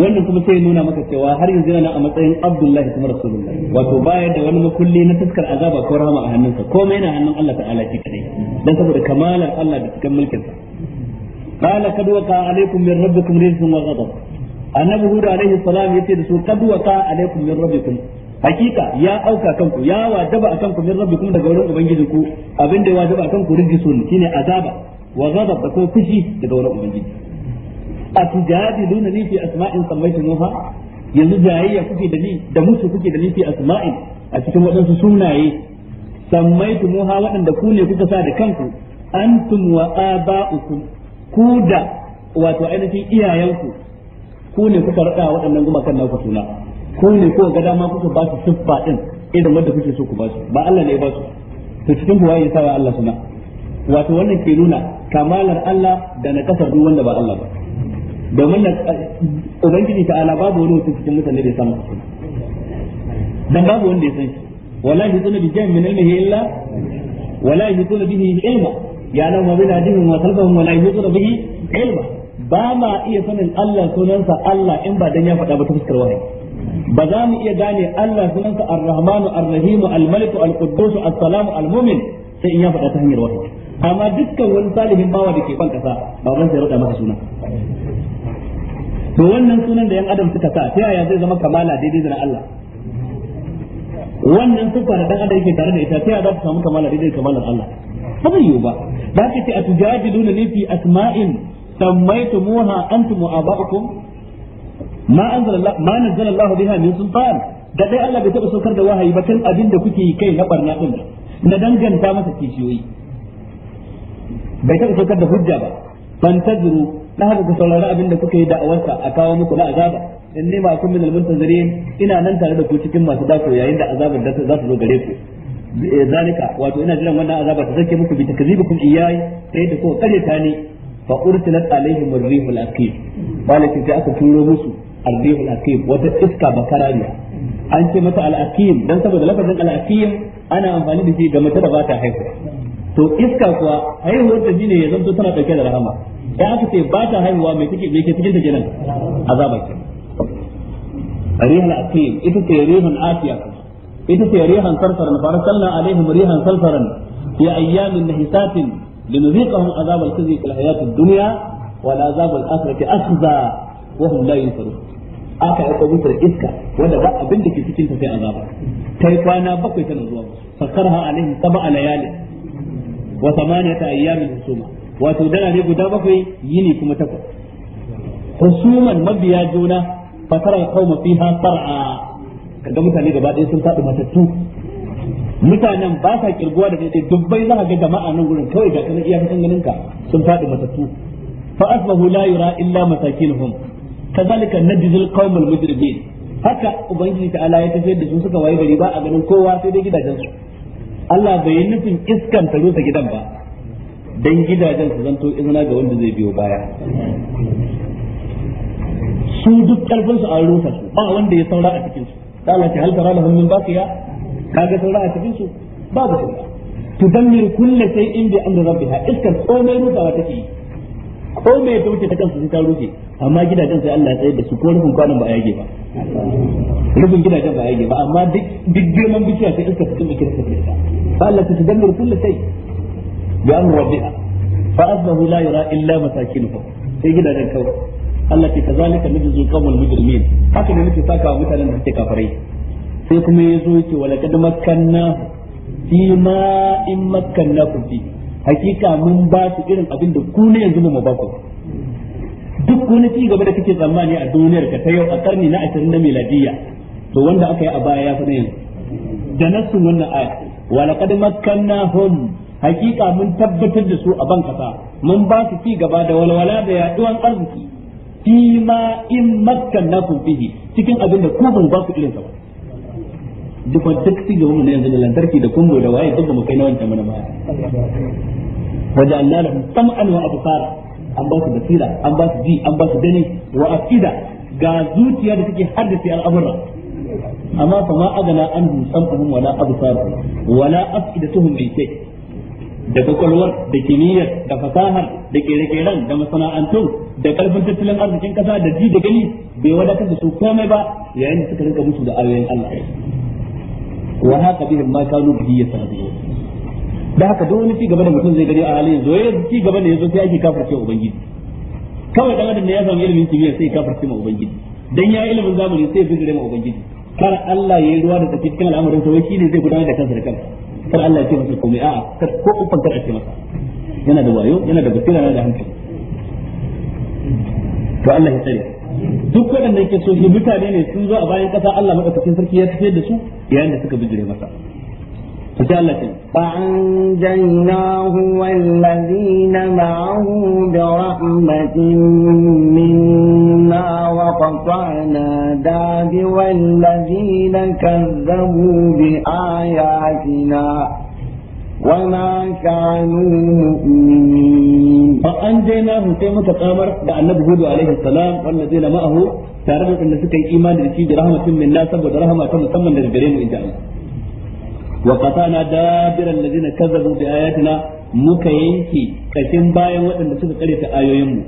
wannan kuma sai nuna maka cewa har yanzu yana a matsayin Abdullahi kuma Rasulullahi wato baya da wani makulli na taskar azaba ko rahama a hannunsa komai yana hannun Allah ta'ala shi kadai dan saboda kamalar Allah da cikin mulkinsa qala kad waqa alaykum min rabbikum rizqun wa ghadab annabi hud alaihi salam yace da su kad waqa alaykum min rabbikum hakika ya auka kanku ya wajaba akan ku min rabbikum daga wurin ubangiji ku abinda ya wajaba akan ku rijsun shine azaba wa ghadab da kuma fushi daga wurin ubangiji atujadiluna ni fi asma'in sammaytumuha yanzu jayayya kuke da ni da musu kuke da ni fi a cikin waɗansu sunaye sammaytumuha waɗanda ku ne kuka sa da kanku antum wa aba'ukum ku da wato ainihin iyayenku ku ne kuka raɗa waɗannan gumakan naku suna ku ne ko ga dama kuka ba su siffa din irin wanda kuke so ku ba su ba Allah ne ya ba su to cikin ku waye sawa Allah suna wato wannan ke nuna kamalar Allah da na kasar duk wanda ba Allah ba domin na ubangiji ta ala babu wani mutum cikin mutane da ya samu suna dan babu wanda ya san shi wallahi yuzuna bi jahmin ilmihi illa wala yuzuna bihi ilma يعلم ما بين أيديهم وخلفهم ولا يحيطون به علما ba ma iya sanin Allah sunansa Allah in ba dan ya faɗa ba ta fuskar wahayi ba za mu iya gane Allah sunansa Ar-Rahmanu Ar-Rahim Al-Malik Al-Quddus As-Salam Al-Mumin sai in ya faɗa ta hanyar wahayi amma dukkan wani salihin bawa da ke ban kasa baban sai rada masa suna to wannan sunan da yan adam suka sa ta yaya zai zama kamala daidai da Allah wannan sifar da dan adam yake tare da ita ta yaya za ta samu kamala daidai da kamalar Allah ba zai yiwu ba da haka sai atujadiluna ne fi asma'in sammaytumuha antum wa aba'ukum ma anzala Allah ma nazzala Allah biha min sultan da dai Allah bai taɓa saukar da wahayi ba kan abin da kuke yi kai na barna din na danganta masa kishiyoyi bai taɓa saukar da hujja ba ban tajiru na haka ku saurari abin da kuka yi da'awarsa a kawo muku na azaba in ne ma kun min almuntazirin ina nan tare da ku cikin masu dako yayin da azabar da za su zo gare ku Eh, zalika wato ina jiran wannan azaba ta sake muku bi takzibukum iyai sai da ko kare ta ne fa ursilat alaihim ar-rihul aqim malaka sai aka turo musu ar-rihul aqim wata iska ne an ce mata al-aqim dan saboda lafazin al-aqim ana amfani da shi ga mata da ba ta haihu. to iska kuwa haihuwar ta jini ya zanto tana dauke da rahama da aka ce ba ta haihuwa mai take mai ke cikin ta kenan azaba ce rihul aqim ita ce rihul afiya ita ce rihan sarsaran fa arsalna alaihim rihan sarsaran fi ayyamin nahisatin linuziqahum azab al-khizy fil hayat ad-dunya wal azab al-akhirati akhza wa hum la yunsarun aka yi kwabutar iska wanda ba abin da ke cikin ta sai azaba kai kwana bakwai tana zuwa fakarha alaihim sab'a layalin wa thamaniyata ayyamin husuma wato dana ne guda bakwai yini kuma takwas husuman mabiya juna fatar al-qawma fiha sar'a kaga mutane gaba ɗaya sun faɗi matattu mutanen ba sa kirguwa da daidai dubbai za ka ga jama'a nan gurin kawai ga kana iya kan ganinka sun faɗi matattu fa asbahu la yura illa masakinhum kazalika najzil qaumul mujrimin haka ubangiji ta ala ya tafiyar da su suka waye gari ba a ganin kowa sai dai gidajen su Allah bai yi nufin iskan ta rusa gidan ba dan gidajen su zanto izina ga wanda zai biyo baya su duk karfin su an rusa su ba wanda ya saura a cikin su ta Allah ce hal tara lahum min baqiya kaga saura a cikin su babu saura tudammiru kullu shay'in bi amri rabbiha iskar komai rufawa take yi ko me ta wuce ta kansu sun ta rufe amma gidajen sai Allah ya tsaye su ko rufin kwanan a yage ba rufin gidajen ba a yage ba amma duk duk iska ta illa kawai Allah ke kazalika najzi qawmal mujrimin haka ne nake saka wa mutanen da suke kafirai sai kuma yazo yace wala kad makkanna fi ma in makkannakum fi hakika mun ba su irin abin da ku ne yanzu mu ba ku duk wani ci gaba da kake tsammani a duniyar ka ta yau a karni na 20 na miladiyya to wanda aka yi a baya ya fi ne. da nasu wannan aya wa laqad hum hakika mun tabbatar da su a ban kasa mun ba su ci gaba da walwala da yaduwan arziki fi ma in makkannakum fihi cikin abin da ku ban ba ku irin sa ba duk duk siga mu ne yanzu da lantarki da kumbo da waye duk da mukai na wancan mana ba wajen Allah sam'an wa absara an ba su basira an ba su ji an ba su gani wa afida ga zuciya da take haddace al'amura amma fa ma agana an sam'ahum wala absara wala afidatuhum bi shay da kwakwalwar da kimiyyar da fasahar da kere-keren da masana'antu da karfin tattalin arzikin kasa da ji da gani bai wadatar da su komai ba yayin da suka rinka musu da ayoyin Allah wa haka bihim ma kanu bihi yasabiyun da haka duk wani cigaba da mutum zai gani a halin yanzu yayin ci gaba ne yazo sai yake kafirce ubangiji kawai dan adam ne ya samu ilimin kimiyya sai kafirce ma ubangiji dan ya ilimin zamani sai bijire ma ubangiji kar Allah ya ruwa da tafi cikin al'amarin sa wai shine zai gudanar da kansa da kansa kar Allah ya ce masa komai a'a kar ko kufan kar a ce masa yana da wayo yana da basira yana da hankali to Allah ya tsare duk waɗanda yake so shi mutane ne sun zo a bayan ƙasa Allah madaukakin sarki ya tafiyar da su yayin da suka bijire masa فأنجيناه والذين معه برحمة منا وقطعنا دابر الذين كذبوا بآياتنا وما كانوا مؤمنين فأنجيناه سيما تقامر دع النبي هود عليه السلام والذين معه تعرفوا أن سكي إيمان لكي برحمة منا سبب رحمة مسمى من البرين إن شاء الله na qatana dabira alladhina kazzabu bi ayatina muka yanke kashin bayan waɗanda suka kare ta ayoyin mu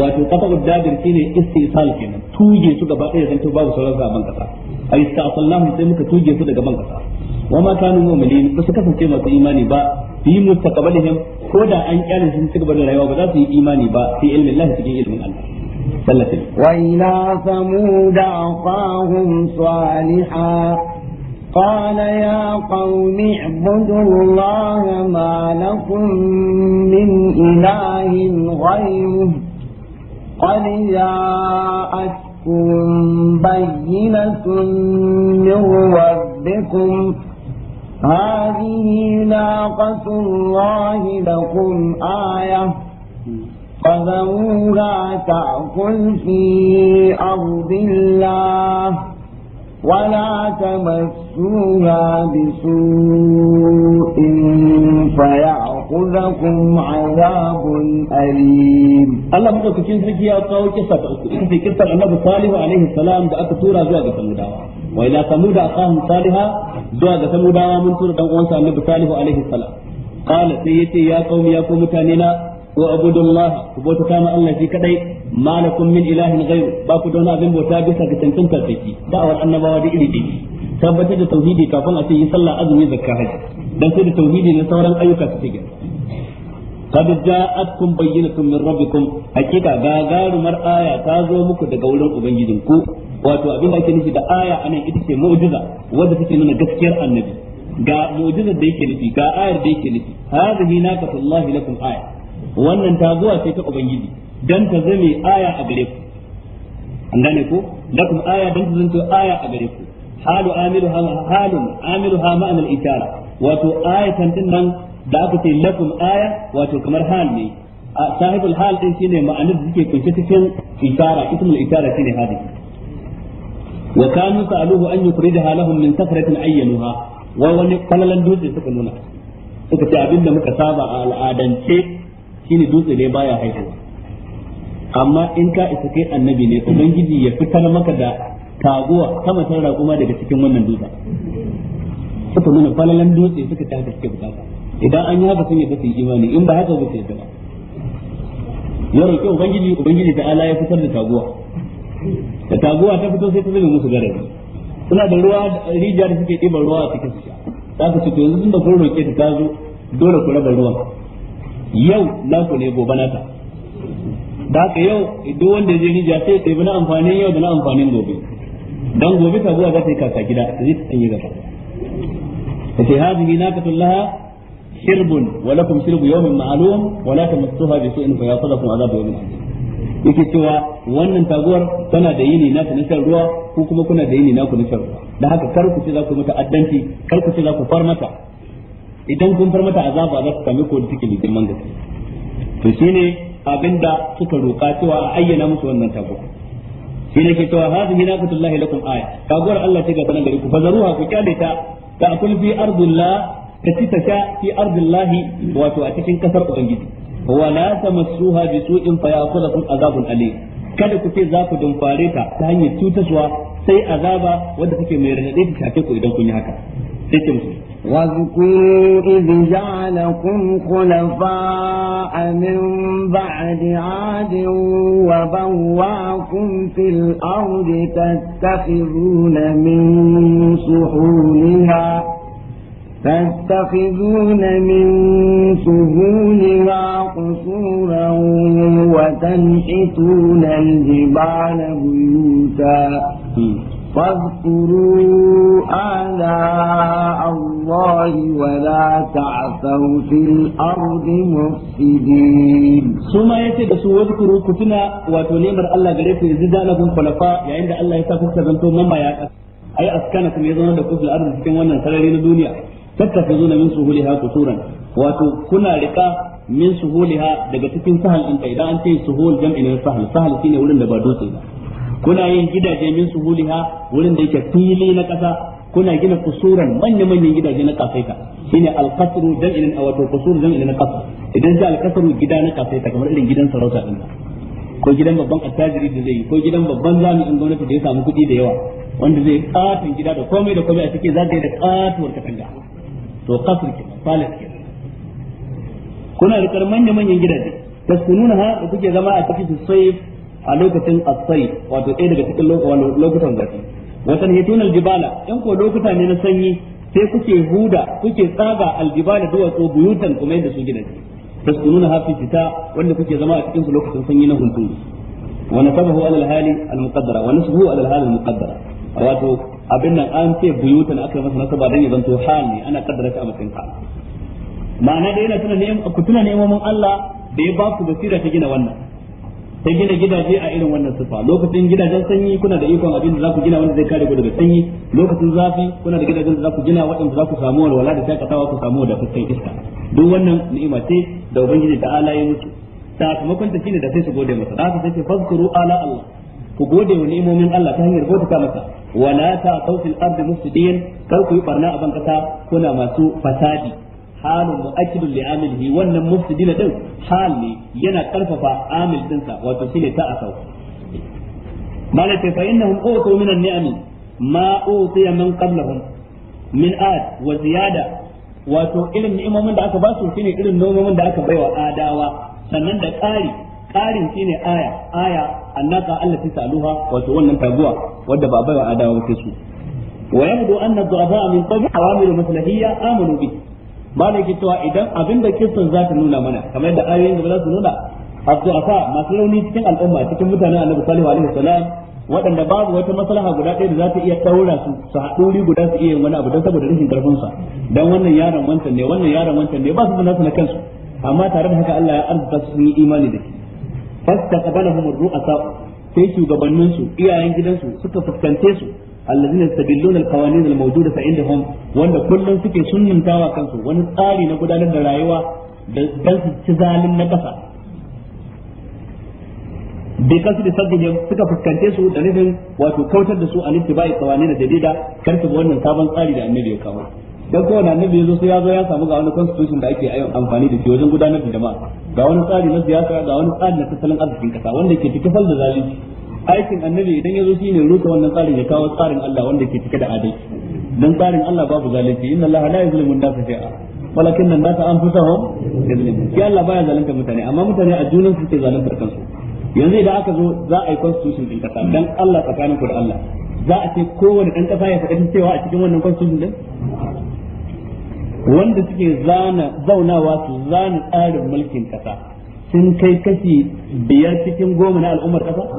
wato qata'u dabir shine istisal kenan tuje su gaba ɗaya zanto babu sauran sa ban kasa ai ista'sallahu sai muka tuje su daga ban kasa wa ma kanu mu'minin ba su kasance masu imani ba fi ko da an kyale sun ci gaba da rayuwa ba za su yi imani ba fi ilmin Allah cikin ilmin Allah sallatin wa ila قال يا قوم اعبدوا الله ما لكم من إله غيره قد جاءتكم بينة من ربكم هذه ناقة الله لكم آية فذروها تأكل في أرض الله ولا تمسوها بسوء فيأخذكم عذاب أليم الله مدعو كتين سكي أو كسا في كسا النبي صالح عليه السلام دا أكتورا زوا ثمودا وإلى ثمود أخاهم صالحا زوا ثمودا من تورا دنقوانسا النبي صالح عليه السلام قال سيتي يا قوم يا قوم تانينا wa abudullah ku bauta kama Allah shi kadai malakum min ilahin ghayru ba ku da wani abin bauta bisa ga tantanta sai da'awar annabawa da iri dai tabbatar da tauhidi kafin a ce yi sallah azumi zakka haji dan sai da tauhidi ne sauran ayyuka su cikin قد جاءتكم بينة من ربكم حقيقة غاغار مرآية تازو مكو daga wurin ubangijinku wato abin da ake nufi da aya anan ita ce mu'jiza wanda take nuna gaskiyar annabi ga mu'jizar da yake nufi ga ayar da yake nufi hadhihi naqatullah lakum aya wannan ta taguwa ce ta ubangiji dan ta zame aya a gare ku an gane ko lakum aya dan ta zanto aya a gare ku halu amiluha halun amiluha ma'an al-ishara wato ayatan din nan da aka ce lakum aya wato kamar hal ne a sahibul hal din shine ma'anar da suke kunshe cikin ishara ismul ishara shine hadisi wa kanu sa'aluhu an yukhrijaha lahum min safratin ayyanuha wa wani kalalan dutse suka nuna suka ce abinda muka saba a al'adance shine dutse ne baya haihuwa amma in ka isa kai annabi ne ubangiji ya fitar maka da taguwa sama ta kuma daga cikin wannan dutse suka nuna falalan dutse suka ta haka suke bukata idan an yi haka sun yadda su yi imani in ba haka ba su yadda ba ya roƙi ubangiji ubangiji ta ala ya fitar da taguwa da taguwa ta fito sai ta zama musu garari suna da ruwa rijiya da suke ɗiban ruwa a cikin su ta za ka ce to yanzu sun da kun roƙe ta ta zo dole ku raba ruwan yau naku ne gobe nata da haka yau duk wanda je hijja sai ya tsaye na amfanin yau da na amfanin gobe dan gobe ta zuwa za ta yi kaka gida ta zai ta sanya gaba ta ce hadhihi naqatul laha shirbun wa lakum shirbu yawmin ma'lum wa la tamassuha bi su'in fa yasadakum adhabu yawmin yake cewa wannan taguwar tana da yini na na shan ruwa ko kuma kuna da yini na na shan ruwa da haka kar ku ce za ku mata addanci kar ku ce za ku far mata idan kun far mata azaba za ku sami kodi take mai girman gaske to shine abinda suka roƙa cewa a ayyana musu wannan tabo shi ne ke cewa hadhihi naqatullahi lakum aya kagowar Allah ce ga sanan gari ku fazaruha ku kyale ta ta akul fi ardillah ta ci ta sha fi ardullahi, wato a cikin kasar ubangiji wa la tamassuha bi su'in fa ya'khudhukum azabun alim kada ku ce za ku dumfare ta ta hanyar cutaswa sai azaba wanda take mai radade ta shafe ku idan kun yi haka sai ke musu واذكروا إذ جعلكم خلفاء من بعد عاد وبواكم في الأرض تتخذون من سحولها تتخذون من سهولها قصورا وتنحتون الجبال بيوتا فاذكروا آلاء الله الله ولا تعثوا في الأرض مفسدين ثم يتد سوى ذكروا كتنا وتنمر الله غريب يزيدا لكم خلفاء عند الله يتفق تبنتم مما يأكل أي أسكنكم يظنون لكم في الأرض سكن وانا سررين الدنيا تتخذون من سهولها قصورا وكنا لقاء min suhuliha daga cikin sahal ɗinta idan an ce suhul jam'i ne sahal sahal shine wurin da ba dutse ba kuna yin gidaje min suhuliha wurin da yake fili na ƙasa kuna gina kusuran manya manyan gidaje na kafaita shine al-qasru jam'in aw to qasur jam'in na qasr idan ja al gida na kafaita kamar irin gidan sarauta din ko gidan babban attajiri da zai ko gidan babban jami'in gwamnati da ya samu kuɗi da yawa wanda zai katin gida da komai da komai a cikin zagaye da katuwar katanga to qasr ke palace ke kuna rikar manya manyan gidaje taskununa ha da kuke zama a cikin su sai a lokacin asai wato ɗaya daga cikin lokacin. zafi Wasan tanhituna aljibala in ko lokuta ne na sanyi sai kuke huda kuke tsaga aljibala duwatsu buyutan kuma yadda su gidaje taskununa hafi fita wanda kuke zama a cikin su lokacin sanyi na hunturu wa nasabahu ala alhali almuqaddara wa nasbuhu ala alhali almuqaddara wato abin nan an ce buyutan aka masa nasaba dan ya zanto hal ne ana kaddara ta a matsayin hal ma'ana da yana tuna ne ku tuna neman Allah da ya ba ku basira ta gina wannan ta gina gidaje a irin wannan sifa lokacin gidajen sanyi kuna da ikon abin da za ku gina wanda zai kare ku daga sanyi lokacin zafi kuna da gidajen da za ku gina waɗanda za ku samu walwala da shakatawa ku samu da fuskan iska duk wannan ni'ima ce da ubangiji da ala ya mutu sakamakon ta shine da sai su gode masa da haka sai ce fazkuru ala Allah ku gode wa ni'imomin Allah ta hanyar bauta masa wala ta tawfil ardi mufsidin kar ku yi barna a ban kasa kuna masu fasadi halun mu'akkidun li amilihi wannan mufsidina din hal ne yana karfafa amil dinsa wato shine ta asau malaka fa innahum utu min an-ni'am ma utiya min ad wa ziyada wato irin ni'imomin da aka ba su shine irin nomomin da aka baiwa adawa sannan da ƙari ƙarin shine aya aya annaka allati saluha wato wannan taguwa wadda ba baiwa adawa ba su ويبدو أن الضعفاء من قوم أوامر مصلحية آمنوا به malai ke cewa idan abin da kissan za ta nuna mana kamar yadda ayoyin gaba za su nuna a sa masu rauni cikin al'umma cikin mutanen annabi salihu alaihi wasallam waɗanda babu wata maslaha guda ɗaya da za ta iya ɗaura su su haɗuri guda su iya yin wani abu don saboda rashin karfin sa dan wannan yaron wancan ne wannan yaron wancan ne ba su nasu na kansu amma tare da haka Allah ya arzuta su sun yi imani da shi fastaqbalahum ar-ru'asa sai shugabanninsu iyayen gidansu suka fuskante su alladhina yastadilluna alqawanin almawjuda fa indahum wanda kullun suke sunnantawa kansu wani tsari na gudanar da rayuwa da dan zalin na kasa bi kasu da suka fuskante su da nufin wato kautar da su a littibai qawanin jadida karka wannan sabon tsari da annabi ya kawo dan kowane annabi ya zo sai ya zo ya samu ga wani constitution da ake ayon amfani da shi wajen gudanar da jama'a ga wani tsari na siyasa ga wani tsari na tattalin arzikin kasa wanda ke cikin da zalunci aikin annabi idan ya zo shi ne rusa wannan tsarin ya kawo tsarin Allah wanda ke cike da adai dan tsarin Allah babu zalunci inna Allah la yuzlimu an shay'a walakin an Allah baya zalunta mutane amma mutane a junan su ke zalunta kansu yanzu idan aka zo za a yi constitution din kasa dan Allah tsakanin ku da Allah za a ce kowane dan kasa ya faɗi cewa a cikin wannan constitution din wanda suke zana zaunawa su zana tsarin mulkin kasa sun kai kashi biyar cikin goma na al'ummar kasa ko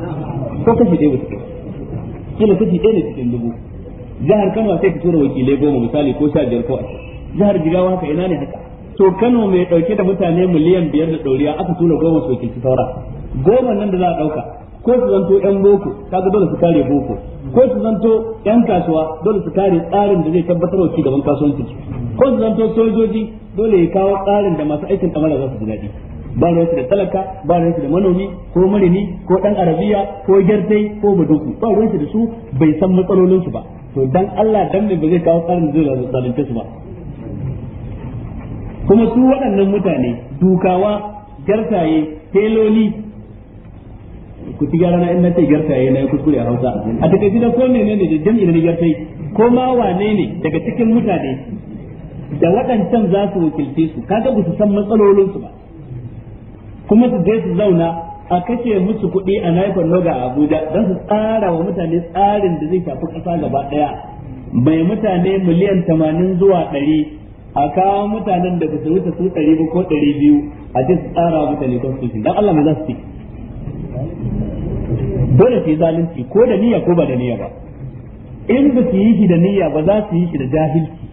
kashi ɗaya wasu kila kashi ɗaya ne cikin dubu jihar kano sai ka tura wakilai goma misali ko sha biyar ko a jihar jigawa haka ina ne haka to kano mai ɗauke da mutane miliyan biyar da ɗauriya aka tura goma su wakilci saura goma nan da za a ɗauka ko su zanto yan boko kaga dole su kare boko ko su zanto yan kasuwa dole su kare tsarin da zai tabbatar wa gaban kasuwanci ko su zanto sojoji dole ya kawo tsarin da masu aikin kamar za su ji daɗi ba ruwansu da talaka ba ruwansu da manomi ko marini ko dan arabiya ko gertai, ko baduku ba ruwansu da su bai san matsalolinsu ba to dan Allah dan ne ba zai kawo tsarin da zai zalunce su ba kuma su waɗannan mutane dukawa Gertaye, teloli ku ci gyara na in nace Gertaye na kuskure a Hausa a shi da ko ne ne da jami'in ne Gertai? ko ma wane ne daga cikin mutane da waɗancan za su wakilce su kaga ba su san matsalolinsu ba kuma su je su zauna a kashe musu kuɗi a naifin noga a abuja don su tsara wa mutane tsarin da zai shafi ƙasa gaba ɗaya mai mutane miliyan tamanin zuwa ɗari a kawo mutanen da su wuce su ɗari ko ɗari biyu a ce su tsara wa mutane su, don allah mai za su dole su yi zalunci ko da niyya ko ba da niyya ba in ba su yi shi da niyya ba za su yi shi da jahilci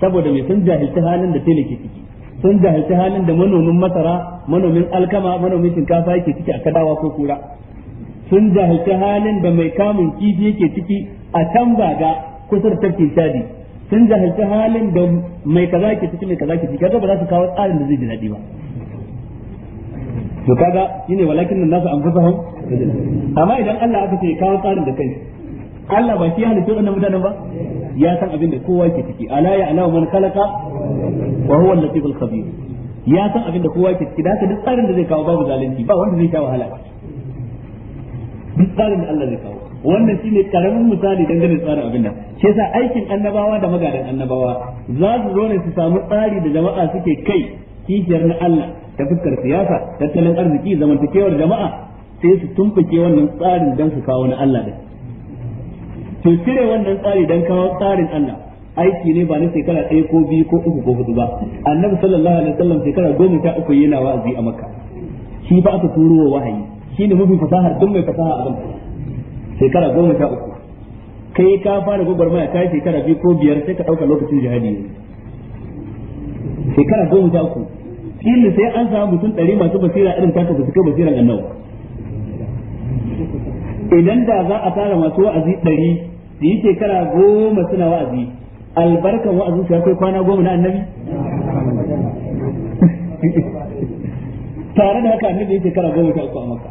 saboda mai san jahilci halin da ke ciki sun jahilci halin da manomin masara manomin alkama manomin shinkafa yake ciki a kadawa ko kura sun jahilci halin da mai kamun kifi yake ciki a can ga kusur tafkin shadi sun jahilci halin da mai kaza yake ciki mai kaza yake ciki kaga ba za su kawo tsarin da zai ji daɗi ba to kaga shine walakin nan nasu anfusahum amma idan Allah aka ce kawo tsarin da kai Allah ba shi halitta wannan mutanen ba ya san abin da kowa ke ciki ala ya alamu man khalaqa wa huwa al-latif al-khabir ya san abin da kowa ke ciki da haka duk tsarin da zai kawo babu zalunci ba wanda zai kawo wahala duk tsarin da Allah zai kawo wannan shine karamin misali dangane da tsarin abin da shi yasa aikin annabawa da magadan annabawa za su zo ne su samu tsari da jama'a suke kai kishiyar na Allah ta fuskar siyasa tattalin arziki zamantakewar jama'a sai su tumfuke wannan tsarin don su kawo na Allah din to cire wannan tsari dan kawo tsarin Allah aiki ne ba na shekara ɗaya ko biyu ko uku ko hudu ba annabi sallallahu alaihi wasallam shekara goma sha uku yana wa'azi a makka shi ba aka turo wa wahayi shi ne mafi fasahar duk mai fasaha a banka shekara goma sha uku kai ka fara gwagwarmaya yi shekara biyu ko biyar sai ka ɗauka lokacin jihadi ne shekara goma sha uku kila sai an samu mutum ɗari masu basira irin taka ba su kai basiran annabi idan da za a tara masu wa'azi ɗari su yi shekara goma suna wa'azi albarkan wa'azin su ya kai kwana goma na annabi tare da haka annabi yi shekara goma sha uku a maka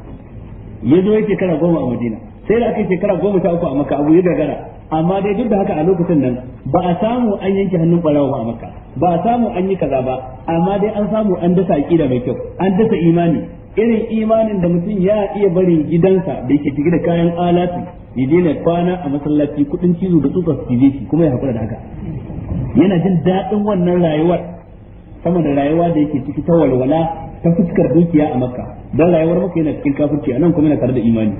ya zo ya shekara goma a madina sai da aka yi shekara goma sha uku a maka abu ya gagara amma dai duk da haka a lokacin nan ba a samu an yanke hannun ɓarawa ba a maka ba a samu an yi kaza ba amma dai an samu an dasa aƙida mai kyau an dasa imani irin imanin da mutum ya iya barin gidansa da yake cike da kayan alatu ya daina kwana a masallaci kudin cizo da tsutsa su shi kuma ya haƙura da haka yana jin daɗin wannan rayuwar sama da rayuwa da yake ciki ta walwala ta fuskar dukiya a makka don rayuwar maka yana cikin kafirci nan kuma yana tare da imani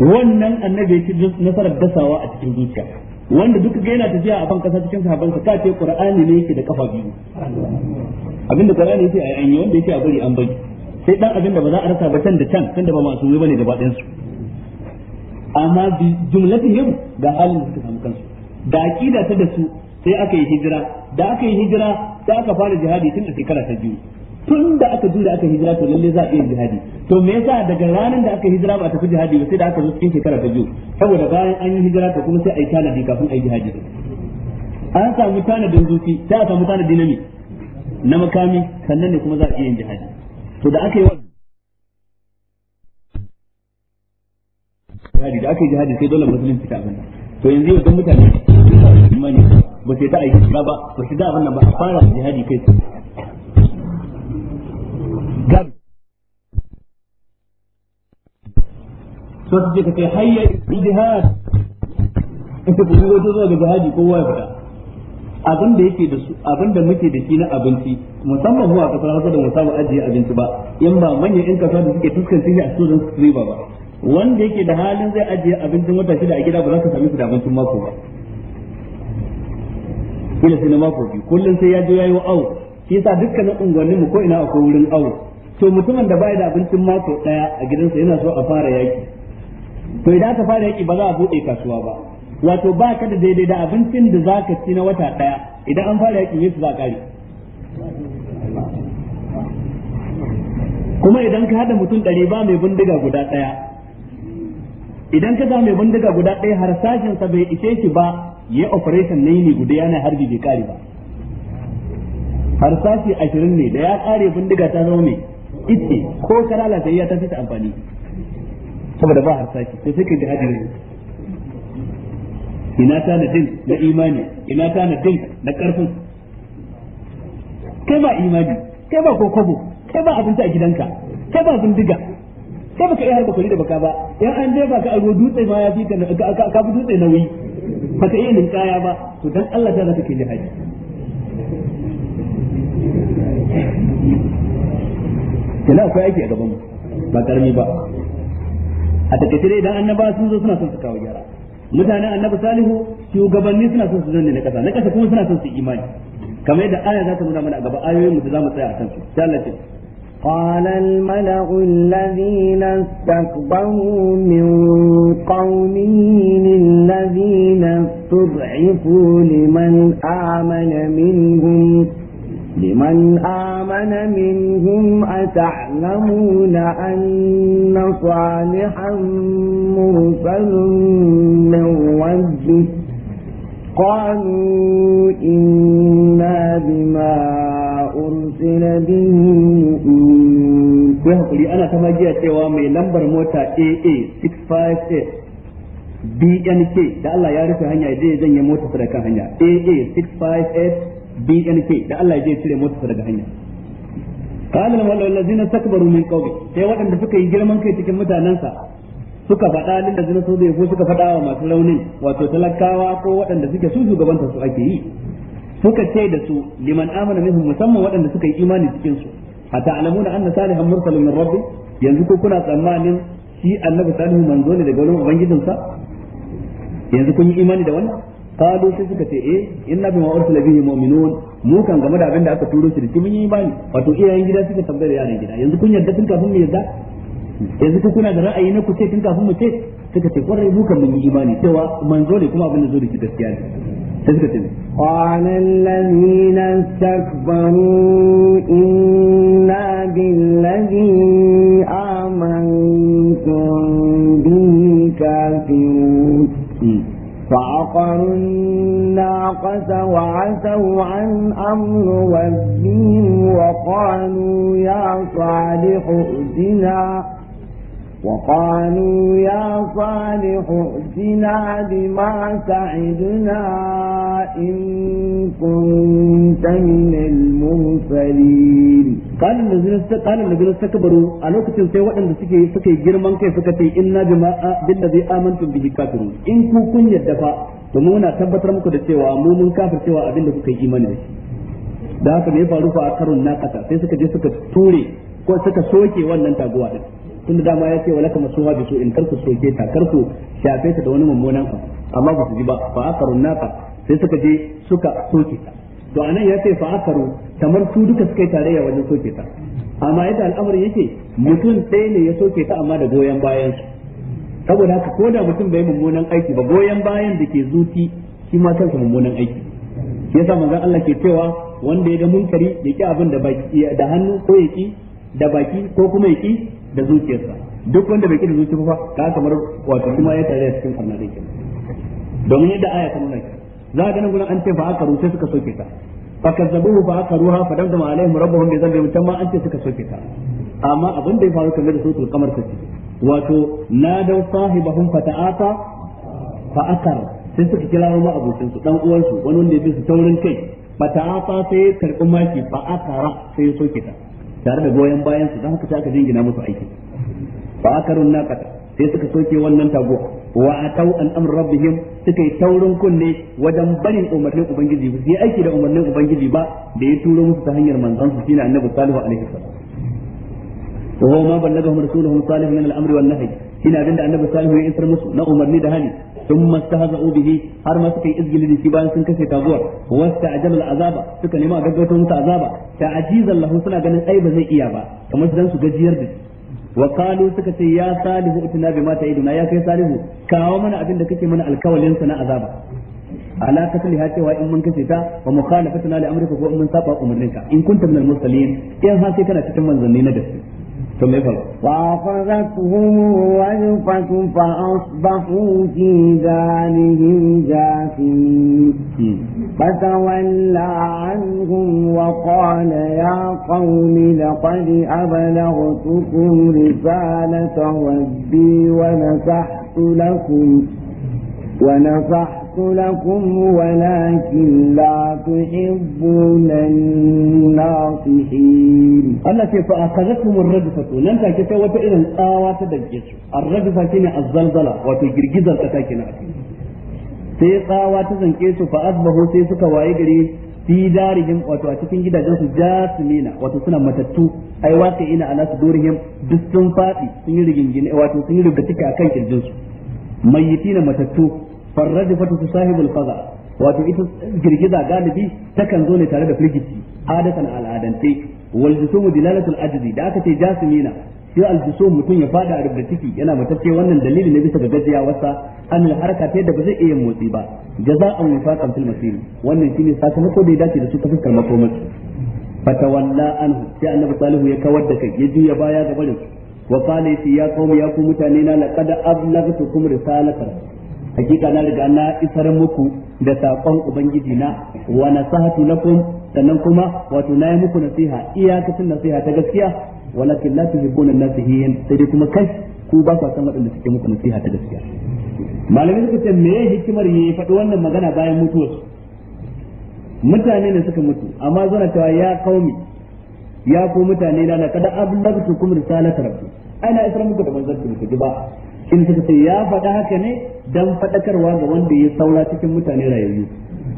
wannan annabi ya ci nasarar dasawa a cikin zuciya wanda duka ga yana tafiya a ban kasa cikin sahabbansa ka ce qur'ani ne yake da kafa biyu abinda qur'ani yake ayi an yi wanda yake a bari an bari sai dan abin da ba za a rasa ba can da can tunda ba masu yi bane gaba ɗayan su amma bi jumlatihim ga halin da suka samu kansu da aqida ta da su sai aka yi hijira da aka yi hijira sai aka fara jihadi tun a shekara ta biyu tun da aka jira aka hijira to lalle za a iya jihadi to me yasa daga ranar da aka hijira ba a tafi jihadi ba sai da aka zo cikin shekara ta biyu saboda bayan an yi hijira to kuma sai a yi tanadi kafin a yi jihadi an samu tanadin zuci sai a samu tanadi na na makami sannan ne kuma za a iya yin jihadi to da aka yi wannan jihadi da aka yi jihadi sai dole musulunci ta abinda to yanzu yau dan mutane mani ba sai ta aiki ba ba sai da abinda ba a fara jihadi kai gab so su je ka kai hayya jihad ita kuma wajen zuwa ga jihadi kowa ya fita abin da yake da su abin da muke da shi na abinci musamman mu a kasar Hausa da mu samu ajiye abinci ba in ba manyan yan kasuwa da suke fuskanci shi a cikin su riba ba wanda yake da halin zai ajiye abincin wata shida a gida ba za ka sami su da abincin mako ba kila sai na mako biyu kullum sai ya je wa awo shi yasa dukkanin unguwannin mu ko ina akwai wurin awo to mutumin da baya da abincin mako daya a gidansa yana so a fara yaki to idan aka fara yaki ba za a buɗe kasuwa ba wato ba ka da daidai da abincin da za ka ci na wata ɗaya idan an fara yakin yesu za a ƙare kuma idan ka haɗa mutum ɗari ba mai bindiga guda ɗaya idan ka ga mai bindiga guda ɗaya har sashensa bai ishe shi ba ya operation na yini guda yana harbi bai ƙare ba har sashi ashirin ne da ya ƙare bindiga ta zama mai ite ko ka lalata ya ta fi ta amfani saboda ba har sashi sai sai ka ji hajji ina ta na imani ina ta na karfin kai ba imani kai ba kokobo kai ba abinci a gidanka kai ba bindiga kai baka iya harba kuri da baka ba yan an jefa ka a ruwa dutse ma ya fi ka fi dutse nauyi ba ta iya kaya ba to dan Allah ta za ka ke haji. kana akwai aiki a gaban ba karmi ba a takaice dai idan annaba sun zo suna son su kawo gyara mutanen annabi salihu shugabanni suna son su zanne na kasa na kasa kuma suna son su imani kamar yadda aya za ta nuna mana a gaba ayoyin mu da za mu tsaya a kan su sai Allah ce قال الملأ الذين استكبروا من قومه للذين استضعفوا لمن آمن منهم لمن آمن منهم أتعلمون أن صالحا مرسل من وجه قالوا إنا بما أرسل به مؤمنون ويقولي أنا كما جاء توامي لمبر موتا AA658 BNK da Allah ya rufe hanya zai janye motarsa da kan hanya AA658 BNK da Allah ya je cire motarsa daga hanya قال الذين استكبروا من قومه sai waɗanda suka yi girman kai cikin mutanansa suka faɗa da zina su da suka faɗa wa masu raunin wato talakawa ko waɗanda suke su shugabanta su ake yi suka ce da su liman amana minhum musamman waɗanda suka yi imani cikin su hatta alamuna anna salihan mursalun min rabbi yanzu ko kuna tsammanin shi annabi salihu manzo ne daga wurin ubangijinsa yanzu kun yi imani da wannan qalu sai suka ce eh inna bima ursila bihi mu'minun mu kan game da abin da aka turo shi da kimin yi bani wato iyayen gida suka tambayar yaran gida yanzu kun yarda tun kafin mu yarda yanzu ku kuna da ra'ayi na ku ce tun kafin mu ce suka ce kwarai mu kan mun yi imani cewa manzo ne kuma abin da zo da shi gaskiya ne sai suka ce qala allazina istakbaru inna billazi amantum bihi kafirun فعقروا الناقة وعتوا عن أمر ربهم وقالوا يا صالح ائتنا وقالوا يا صالح ائتنا بما تعدنا إن كنت من المرسلين قال الذين قال الذين استكبروا ألوك تنسي وأن سكي سكي جرمان كيف سكتي إنا بما بالذي آمنتم به كافرون إن كن يدفع تمونا تبتر مكو دسيوا مومن كافر سيوا أبين لكو كي إيمان da haka ne faru fa a karon nakata sai suka je suka ture ko suka soke wannan taguwa din tunda da dama ya ce walaka masuwa bi in karku soke ta karku shafe ta da wani mummunan abu amma ba su ji ba fa akarun naka sai suka je suka soke ta to anan ya ce fa akaru kamar su duka suka yi tarayya wajen soke ta amma yadda al'amari yake mutum ɗaya ne ya soke ta amma da goyon bayan su saboda haka ko da mutum bai mummunan aiki ba goyon bayan da ke zuci shi ma kansa mummunan aiki shi yasa manzon Allah ke cewa wanda ya ga munkari ya ki abin da baki da hannu ko ya ki da baki ko kuma ya ki da zuciyarsa duk wanda bai kira zuciya ba ka kamar wato kuma ya tare cikin annabi dai kenan domin yadda aya ta nuna za ga nan gurin an ce ba aka ruce suka soke ta fa kazzabuhu fa aka ruha fa dan zama alaihim rabbuhum bi dhanbihim tamma an ce suka soke ta amma abin da ya faru kamar da sautu kamar ta ce wato nadaw sahibahum ta'ata fa akar sai suka kira wa abokin su dan uwansu wani wanda ya bi su taurin kai ta'ata sai karbi maki fa akara sai soke ta tare da goyon bayan su don haka sai aka jingina musu aiki fa akarun naqata sai suka soke wannan tago wa atau an amr rabbihim suka yi taurin kunne wajen barin umarnin ubangiji ba su aiki da umarnin ubangiji ba da ya turo musu ta hanyar manzon su shine annabi salihu alaihi salam wa ma ballagahum rasuluhum salih min al-amri wan nahy shine abinda annabi salihu ya isar musu na umarni da hali ثم استهزؤوا به har ma suka yi izgili da shi bayan sun kashe taguwar wasta ajalul azaba suka nema gaggauta musu azaba ta ajizan lahu suna ganin ai ba zai iya ba kamar su dan su gajiyar da shi wa suka ce ya salihu mata utina bima ta'iduna ya kai salihu kawo mana abin da kake mana alkawalin sa na azaba ala katli ha cewa in mun kashe ta wa tuna li amrika ko in mun saba umarninka in kunta minal mursalin in ha sai kana cikin manzanni na gaske to me fala wa qadathum wa ya qawmi laqad ablaghtukum risalata rabbi wa nasahtu lakum شرحت لكم ولكن لا تحبون الناصحين الله كيف أخذتهم الرجفة لن تكفى وتئل الآوة تدجس الرجفة كنا الزلزلة وتجرجز الأتاكنا sai tsawa ta zanke su fa asbahu sai suka waye gare fi darihim wato a cikin gidajen su jasmina wato suna matattu ai ina ala sudurihim duk sun fadi sun yi rigingine wato sun yi rubuta akan kirjin su mayyitina matattu su sahibul faza wato ita girgiza galibi takan zo ne tare da firgici adatan al'adance wal jusumu dilalatul ajzi da aka ce jasimina sai al mutum ya fada a rubda ciki yana matacce wannan dalili ne bisa ga gajiyawarsa an al haraka ta yadda ba zai iya motsi ba jaza'an wifaqan fil masir wannan shine sakamako da ya dace da su ta fuskar makomar fatawalla anhu sai annabi salihu ya kawar da kai ya juya baya ga barin wa qala ya qaumi ya ku mutane na laqad ablagtukum risalatan hakika na riga na isar muku da saƙon ubangiji na wa nasahatu lakum sannan kuma wato na yi muku nasiha iyakacin nasiha ta gaskiya walakin la tuhibbuna nasihiyan sai dai kuma kai ku ba ku san waɗanda suke muku nasiha ta gaskiya Malamin suka ce me hikimar yi faɗi wannan magana bayan mutuwar mutane ne suka mutu amma zana cewa ya kaumi ya ku mutane na kada ablagtukum risalata rabbi ana isar muku da manzon ku ba in suka ce ya faɗa haka ne dan fadakarwa ga wanda ya saura cikin mutane rayayyu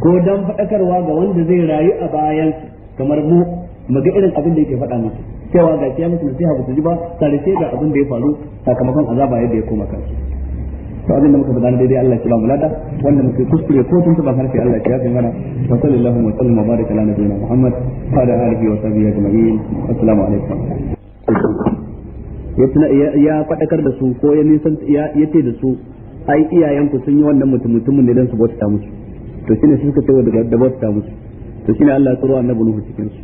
ko dan fadakarwa ga wanda zai rayu a bayan kamar mu maga irin abin da yake faɗa musu cewa ga kiyama musu nasiha ba su ji ba tare ga abin da ya faru sakamakon azaba yadda ya koma kansu to abin da muka faɗa daidai Allah ya ba mu lada wanda muke kuskure ko tun ba harfi Allah ya yafe mana wa sallallahu wa sallama baraka ala nabiyina Muhammad wa ala alihi wa sahbihi ajma'in assalamu alaikum ya ya faɗakar da su ko ya nisan ya ce da su ai iyayenku sun yi wannan mutum mutumin ne dan su bauta musu to shine su suka daga da bauta musu to shine Allah ya tsoro annabi Nuhu cikin su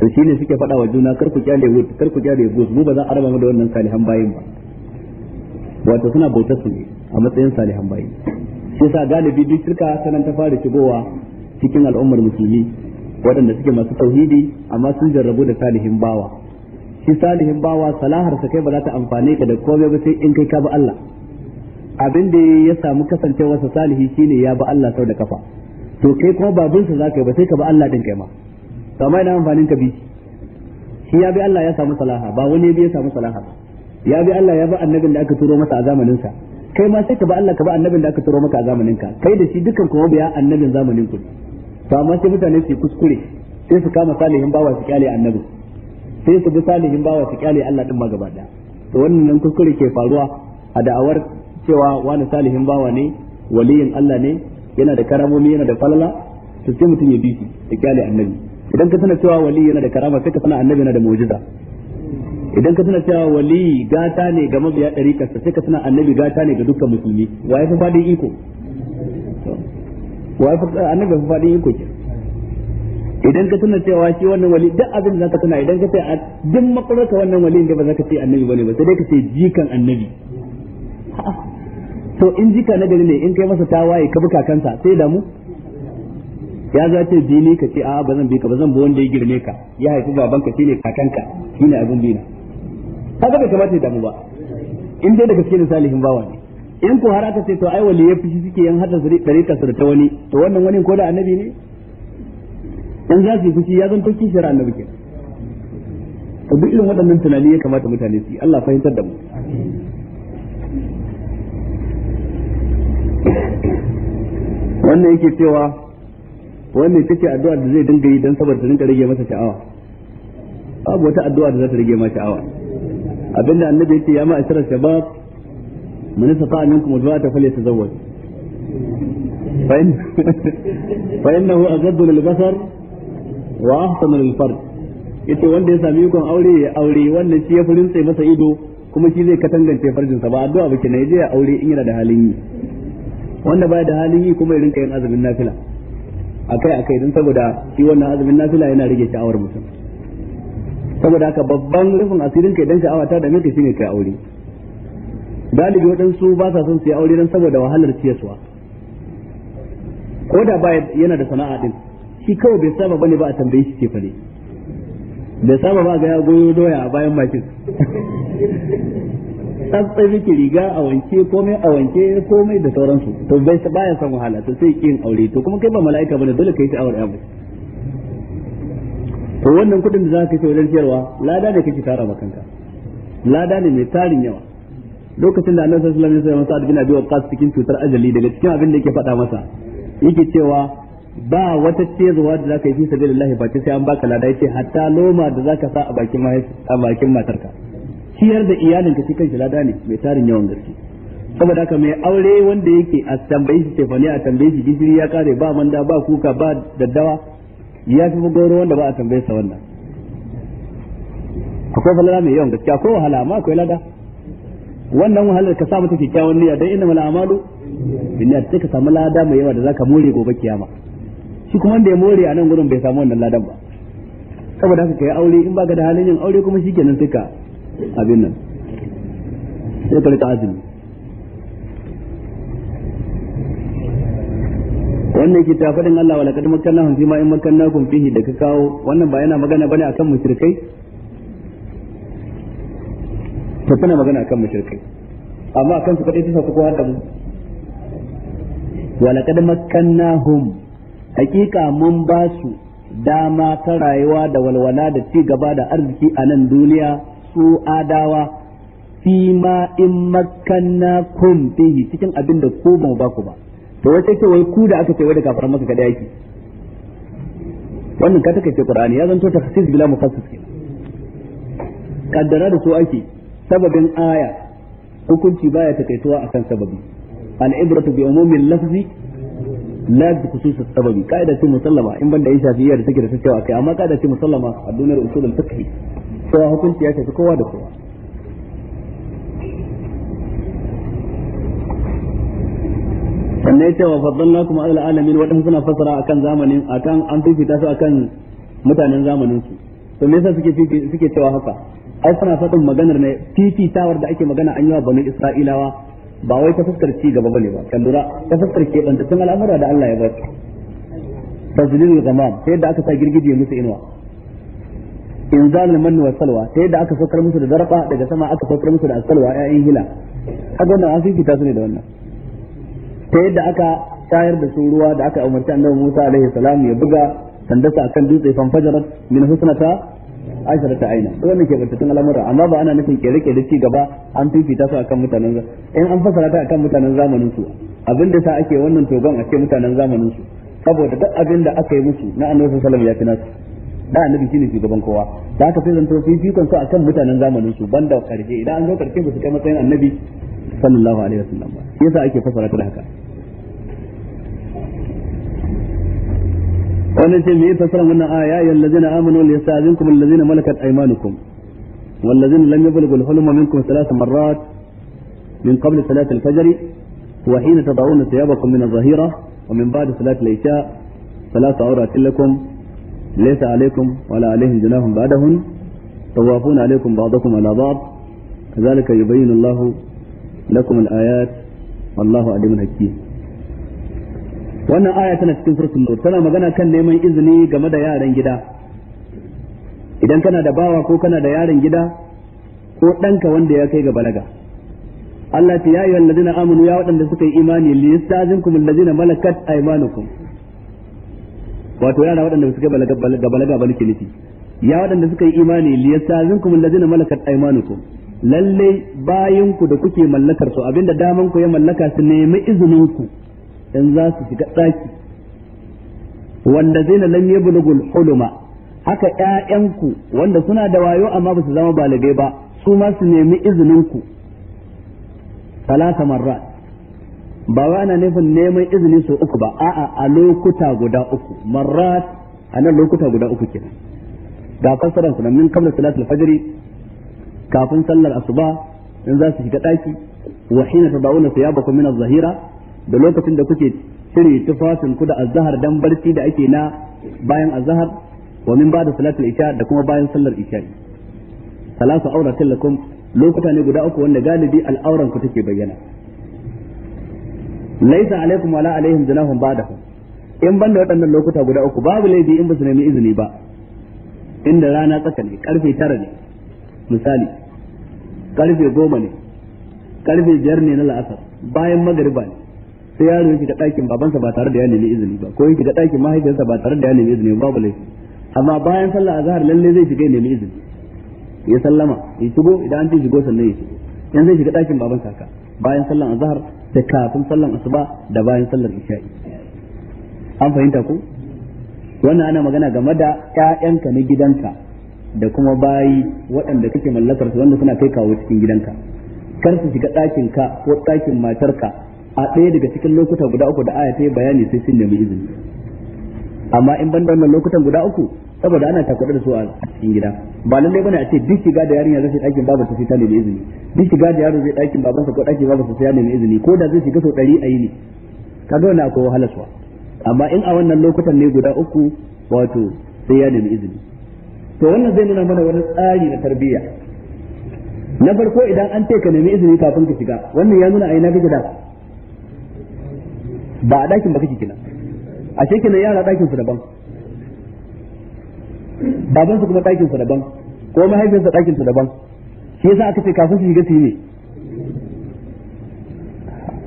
to shine suke faɗa wa juna kar ku kyale wut kar ku kyale bus mu ba za a raba mu da wannan salihan bayin ba wato suna bautar su ne a matsayin salihan bayi shi yasa galibi duk shirka sanan ta fara shigowa cikin al'ummar musulmi waɗanda suke masu tauhidi amma sun jarrabu da salihin bawa shi salihin bawa salahar sa kai ba za ta amfane ka da komai ba sai in kai ka bi Allah abin da ya samu kasancewarsa salihi shine ya ba Allah sau da kafa to kai kuma babin sa zaka yi ba sai ka ba Allah din kai ma to amma ina amfanin ka bi shi ya bi Allah ya samu salaha ba wani ya bi ya samu salaha ya bi Allah ya ba annabin da aka turo masa a zamanin sa kai ma sai ka ba Allah ka ba annabin da aka turo maka a zamanin ka kai da shi dukkan kuma biya annabin zamanin ku to amma sai mutane su kuskure sai su kama salihin bawa su kyale annabi sai su bi salihin bawa su kyale Allah din ma gaba daya to wannan kuskure ke faruwa a da'awar cewa wani salihin bawa ne waliyin Allah ne yana da karamomi yana da falala to sai mutum ya bi shi da kyale annabi idan ka tana cewa wali yana da karama sai ka tana annabi yana da mu'jiza idan ka tana cewa wali gata ne ga mabiya ɗarikarsa sai ka tana annabi gata ne ga dukkan musulmi waye fa faɗin iko waye fa annabi fa faɗin iko ke idan ka tana cewa shi wannan wali duk abin da zaka tana idan ka ce a duk makarata wannan wali ne ba zaka ce annabi bane ba sai dai ka ce jikan annabi to in jika na gari ne in kai masa tawaye ka bi kakansa sai damu ya za ce bi ka ce a ba zan bi ka ba zan bi wanda ya girme ka ya haifi baban ka shine kakanka shine abin bina kaga bai kamata ya damu ba in dai da gaske ne salihin bawa ne in ko har aka ce to ai wali ya fishi suke yan hada dariƙa su da ta wani to wannan wani ko da annabi ne in za su yi fushi ya zan to kishiyar annabi ke to duk irin waɗannan tunani ya kamata mutane su yi Allah fahimtar da mu wannan yake cewa wannan take addu'a da zai dinga yi dan saboda dinga rage masa sha'awa babu wata addu'a da za ta rage masa sha'awa abinda annabi yake ya ma ma'asharar shabab man istata'a minkum al ta falyatazawwaj fa in fa innahu aghaddu lil-basar wa ahsanu lil fard yace wanda ya sami yukon aure ya aure wannan shi ya furin masa ido kuma shi zai katangance farjinsa ba addu'a ba ne je ya aure in yana da halin yi wanda baya da halin yi kuma ya rinka yin azumin nafila akai akai don saboda shi wannan azumin nafila yana rage sha'awar mutum saboda haka babban rufin asirin kai dan sha'awa ta dame ka shine kai aure galibi waɗansu ba sa son su yi aure don saboda wahalar ciyaswa ko da ba yana da sana'a ɗin shi kawai bai saba bane ba a tambaye shi ce fare bai saba ba ga ya goyo doya a bayan makin tsantsan miki riga a wanke komai a wanke komai da sauransu to bai baya son wahala to sai kin aure to kuma kai ba mala'ika bane dole kai ta aure abu to wannan kudin da za ka kashe wajen ciyarwa lada ne kake tara ma kanka lada ne mai tarin yawa lokacin da annabi sallallahu alaihi wasallam ya sa bin abi waqas cikin cutar ajali daga cikin abin da yake faɗa masa yake cewa ba wata cezuwa da zaka yi fi sabilillah ba sai an baka lada yace hatta loma da zaka sa a bakin a bakin matarka ciyar da iyalinka shi kanshi lada ne mai tarin yawan gaske saboda haka mai aure wanda yake a tambayi shi tefani a tambayi shi gishiri ya kare ba manda ba kuka ba daddawa ya fi gauro wanda ba a tambaye sa wannan akwai falala mai yawan gaske ko wahala amma akwai lada wannan wahalar ka sa mata kyakkyawan niyya dan inna mal amalu binniyat sai ka samu lada mai yawa da zaka more gobe kiyama shi kuma wanda ya more a nan gurin bai samu wannan ladan ba saboda haka kai aure in ga da halin yin aure kuma shikenan sai ka abin nan sai ka rika azumi wannan ke tafadin Allah wa laqad makanna fi ma in kun fihi da ka kawo wannan ba yana magana bane akan mushrikai to tana magana akan mushrikai amma akan su kadai ta sauko har da mu wa makanna makkannahum hakika mun ba su dama ta rayuwa da walwala da ci gaba da arziki a nan duniya su adawa fi ma in makanna kun fihi cikin abin da ko ba ba ku ba to wace ce wai ku da aka ce wai da kafaran maka kada yake wannan ka take Qur'ani ya zanto tafsir bila mufassis kenan kaddara da so ake sababin aya hukunci baya takaituwa akan sababi al-ibratu bi umumin lafzi la bi khususus sababi kaida ce musallama in banda isha shafiyya da take da cewa kai amma kaida ce musallama a duniyar usulul fiqh cewa hukunci ya shafi kowa da kowa sannan ya ce wa na kuma ala alamin waɗansu suna fassara akan zamanin akan an fifita su akan mutanen zamanin su to me yasa suke suke cewa haka ai suna fadin maganar ne fifitawar da ake magana an yi wa banu isra'ilawa ba wai ta fuskar ci gaba bane ba kan dura ta fuskar keɓantattun al'amura da Allah ya ba su tazlilul gamam sai da aka sa girgije musu inuwa inzalul manni wa salwa ta yadda aka saukar musu da zarfa daga sama aka saukar musu da asalwa ƴaƴan hila kaga wannan an fifita su ne da wannan ta yadda aka tayar da su ruwa da aka umarci annabi Musa alaihi salam ya buga sandasa akan dutse fajarat min husnata ashara ta aina wannan ke batun al'amura amma ba ana nufin kere kere ci gaba an fifita su akan mutanen in an fasara ta akan mutanen zamanin su abinda sa ake wannan togon a ce mutanen zamanin su saboda duk abinda aka yi musu na annabi sallallahu alaihi wasallam ya fi nasu da annabi shine shugaban kowa da aka sai zanto fikon su akan mutanen zamanin su banda karshe idan an zo karshe ba su kai matsayin annabi sallallahu alaihi wasallam ba yasa ake fasara ta haka wannan ce mai fasara wannan aya ya allazina amanu wal yastazinkum allazina malakat aymanukum والذين لم يبلغوا الحلم منكم ثلاث مرات من قبل صلاة الفجر وحين تضعون ثيابكم من الظهيرة ومن بعد صلاة العشاء ثلاث عورات لكم laysa alaikum wala alaihim junahun ba'dahun tawafuna alaikum ba'dakum ala ba'd kadhalika yubayyinu Allahu lakum al-ayat wallahu alimul hakim wannan aya tana cikin suratul nur tana magana kan neman izini game da yaran gida idan kana da bawa ko kana da yaran gida ko ɗanka wanda ya kai ga balaga Allah ta ya ayyuhal ladina amanu ya waɗanda suka yi imani li yastazinkum alladina malakat aymanukum wato yara waɗanda suka balaga balaga ba nake nufi ya waɗanda suka yi imani liyastazinkum alladhina malakat aymanukum lalle bayanku da kuke mallakar su abinda daman ku ya mallaka su nemi izinin ku in za su shiga tsaki wanda zai lam yablughul huluma haka ƴaƴanku wanda suna da wayo amma ba su zama balagai ba su ma su nemi izinin ku talata marrat ba wai ana nufin neman izini sau uku ba a'a a lokuta guda uku marrat a nan lokuta guda uku kenan ga fassaran sunan min kamar salatul fajr kafin sallar asuba in za su shiga daki wa hina tadawuna thiyabakum min az-zahira da lokacin da kuke cire tufafin ku da azhar dan barci da ake na bayan azhar wa min ba'da salatul isha da kuma bayan sallar isha salatu auratin lakum lokuta ne guda uku wanda galibi al'auran ku take bayyana laisa alaikum wala alaihim junahum ba'dahu in banda waɗannan lokuta guda uku babu laifi in ba su nemi izini ba inda rana tsaka ne karfe tara ne misali karfe goma ne karfe biyar ne na la'asar bayan magariba ne sai yaro yake shiga ɗakin babansa ba tare da ya nemi izini ba ko yake shiga ɗakin mahaifiyarsa ba tare da ya nemi izini ba babu laifi amma bayan sallah azhar lalle zai shiga ya nemi izini ya sallama ya shigo idan an ce shigo sannan ya shigo yanzu zai shiga ɗakin babansa ka bayan sallan azhar da kafin sallan asuba da bayan sallar isha'i an fahimta ku wannan ana magana game da ƴaƴanka na gidanka da kuma bayi waɗanda kake mallakar su wanda suna kai kawo cikin gidanka kar su shiga ɗakin ka ko ɗakin matarka a ɗaya daga cikin lokuta guda uku da aya ta yi bayani sai sun nemi izini amma in ban da wannan lokutan guda uku saboda ana takwada da su a cikin gida ba lallai bane a ce duk shiga da yarinya zai ɗakin babar sa sai ta nemi izini duk shiga da yaro zai ɗakin baban sa ko ɗakin babar sa sai ya nemi izini ko da zai shiga sau ɗari a yi ne kaga wannan akwai wahalarwa amma in a wannan lokutan ne guda uku wato sai ya nemi izini to wannan zai nuna mana wani tsari na tarbiyya na farko idan an ce ka nemi izini kafin ka shiga wannan ya nuna a ina kake da ba a ɗakin ba kake kina a shekinan yara ɗakin su daban baban su kuma ɗakin su daban ko mahaifin su ɗakin su daban shi yasa aka ce kafin su shiga su ne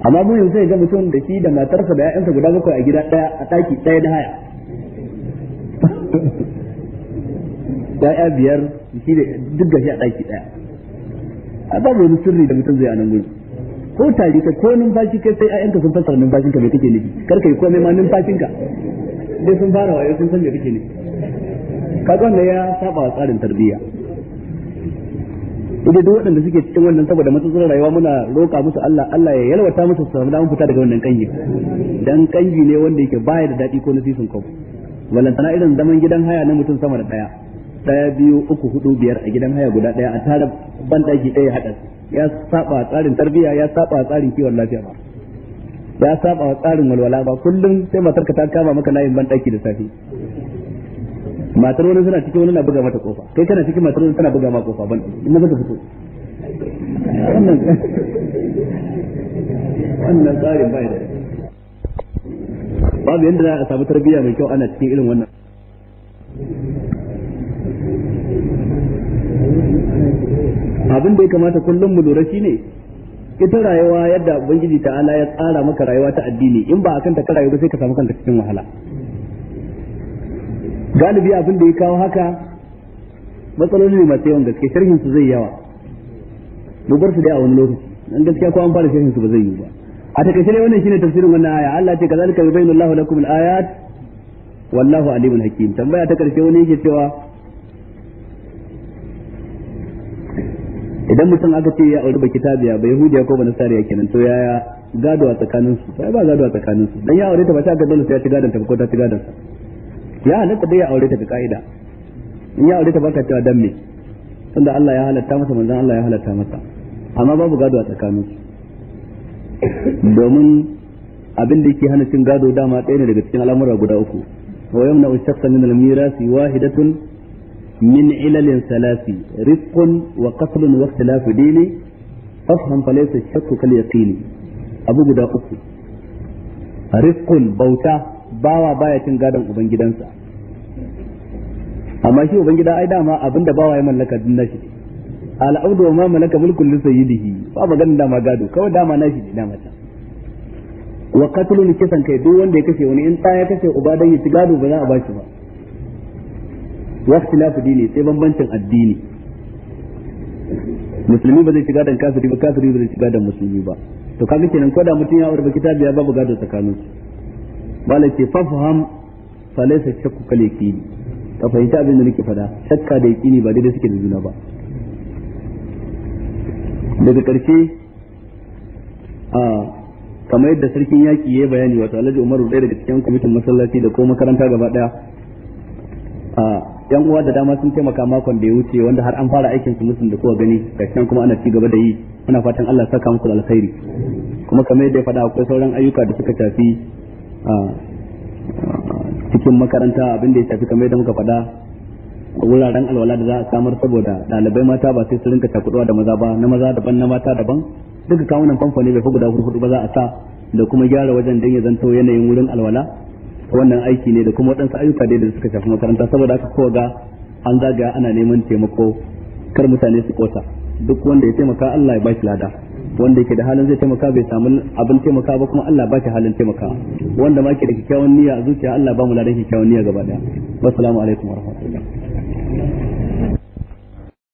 amma mu yanzu ya ga mutum da shi da matarsa da ƴaƴansa guda bakwai a gida ɗaya a ɗaki ɗaya da haya ƴaƴa biyar shi da duk gashi a ɗaki ɗaya a babu wani sirri da mutum zai a nan gurin ko tari ka ko numfashi kai sai ayyanka sun fassara numfashinka ka me kake nufi kar yi komai ma numfashinka ka dai sun fara wayo sun san me kake nufi kaga wanda ya saba tsarin tarbiyya ita duk waɗanda suke cikin wannan saboda matsatsin rayuwa muna roƙa musu Allah Allah ya yalwata musu su samu damar fita daga wannan kanji dan kanji ne wanda yake baya da daɗi ko nasisin kwabo walantana irin zaman gidan haya na mutum sama da ɗaya ɗaya biyu uku hudu biyar a gidan haya guda ɗaya a tara ban ɗaki ɗaya haɗa ya saba tsarin tarbiyya ya saba tsarin kiwon lafiya ba ya saba tsarin walwala ba kullum sai matarka ta kama maka layin ban ɗaki da safe matar wani suna cikin wani na buga mata kofa kai kana cikin matar wani tana buga ma kofa ban in na zaka fito wannan wannan tsarin bai da babu yanda za a samu tarbiyya mai kyau ana cikin irin wannan abin da ya kamata kullum mu lura shine ita rayuwa yadda ubangiji ta'ala ya tsara maka rayuwa ta addini in ba akan ta ka rayu ba sai ka samu kanta cikin wahala galibi abin da ya kawo haka matsaloli ne masu yawan gaske sharhin su zai yawa mu bar su dai a wani lokaci dan gaskiya ko an fara sharhin su ba zai yi ba a takaice ne wannan shine tafsirin wannan aya Allah ce kazalika yubayyinullahu lakum alayat ayat wallahu alimun hakim tambaya ta karshe wani yake cewa idan mutum aka ce ya auri baki tabiya ba yahudiya ko ba nasariya kenan to yaya gado a tsakaninsu sai ba gado a tsakaninsu dan ya aure ta ba ta ga dole sai ya ci gadon ta ko ta ci gadon sa ya halatta dai ya aure ta ga ka'ida in ya aure ta baka cewa dan me tunda Allah ya halatta masa manzon Allah ya halatta masa amma babu gado a tsakanin su domin abin da yake hana cin gado dama ɗaya ne daga cikin al'amura guda uku wa yamna ushaqqa min al-mirasi wahidatun min ilalin salasi rizqun wa qatlun wa ikhtilafu dini fafham falaysa shakku kal yaqini abu guda uku rizqun bauta bawa baya cin gadon ubangidansa amma shi ubangida ai dama abinda bawa ya mallaka din nashi al'abdu ma malaka mulkul li sayyidihi ba maganin dama gado kawai dama nashi ne dama ta wa qatlun kisan kai duk wanda ya kashe wani in tsaya kashe uba ya ci gado ba za a bashi ba wasu lafi dini sai bambancin addini musulmi ba zai shiga dan kafiri ba kafiri ba zai shiga musulmi ba to kaga kenan ko da mutum ya aure ba kitabi ya babu gado tsakaninsu balake ce fafham fa laysa shakku kal yaqini ka fahimta abin da nake fada shakka da yaqini ba daidai suke da juna ba daga karshe a kamar yadda sarkin yaki yayi bayani wato Alhaji Umaru ɗaya daga cikin kwamitin masallaci da ko makaranta gaba daya a yan uwa da dama sun taimaka makon da ya wuce wanda har an fara aikin su musun da kowa gani gashin kuma ana ci gaba da yi muna fatan Allah saka muku alkhairi kuma kamar yadda ya faɗa akwai sauran ayyuka da suka tafi. cikin makaranta abin da ya shafi kamar yadda muka faɗa wuraren alwala da za a samar saboda ɗalibai mata ba sai su rinka takuɗuwa da maza ba na maza daban na mata daban duka kawunan famfo ne bai fi guda hudu ba za a sa da kuma gyara wajen don ya zanto yanayin wurin alwala wannan aiki ne da kuma waɗansu ayyuka dai da suka shafi makaranta saboda haka kowa ga an zagaya ana neman taimako kar mutane su kota duk wanda ya taimaka Allah ya ba shi lada wanda yake da halin zai taimaka bai samu abin taimaka ba kuma Allah ba halin taimaka wanda ma ke da kyakkyawan niyya a zuciya Allah ba mu ladan kyakkyawan niyya gaba daya assalamu alaikum warahmatullahi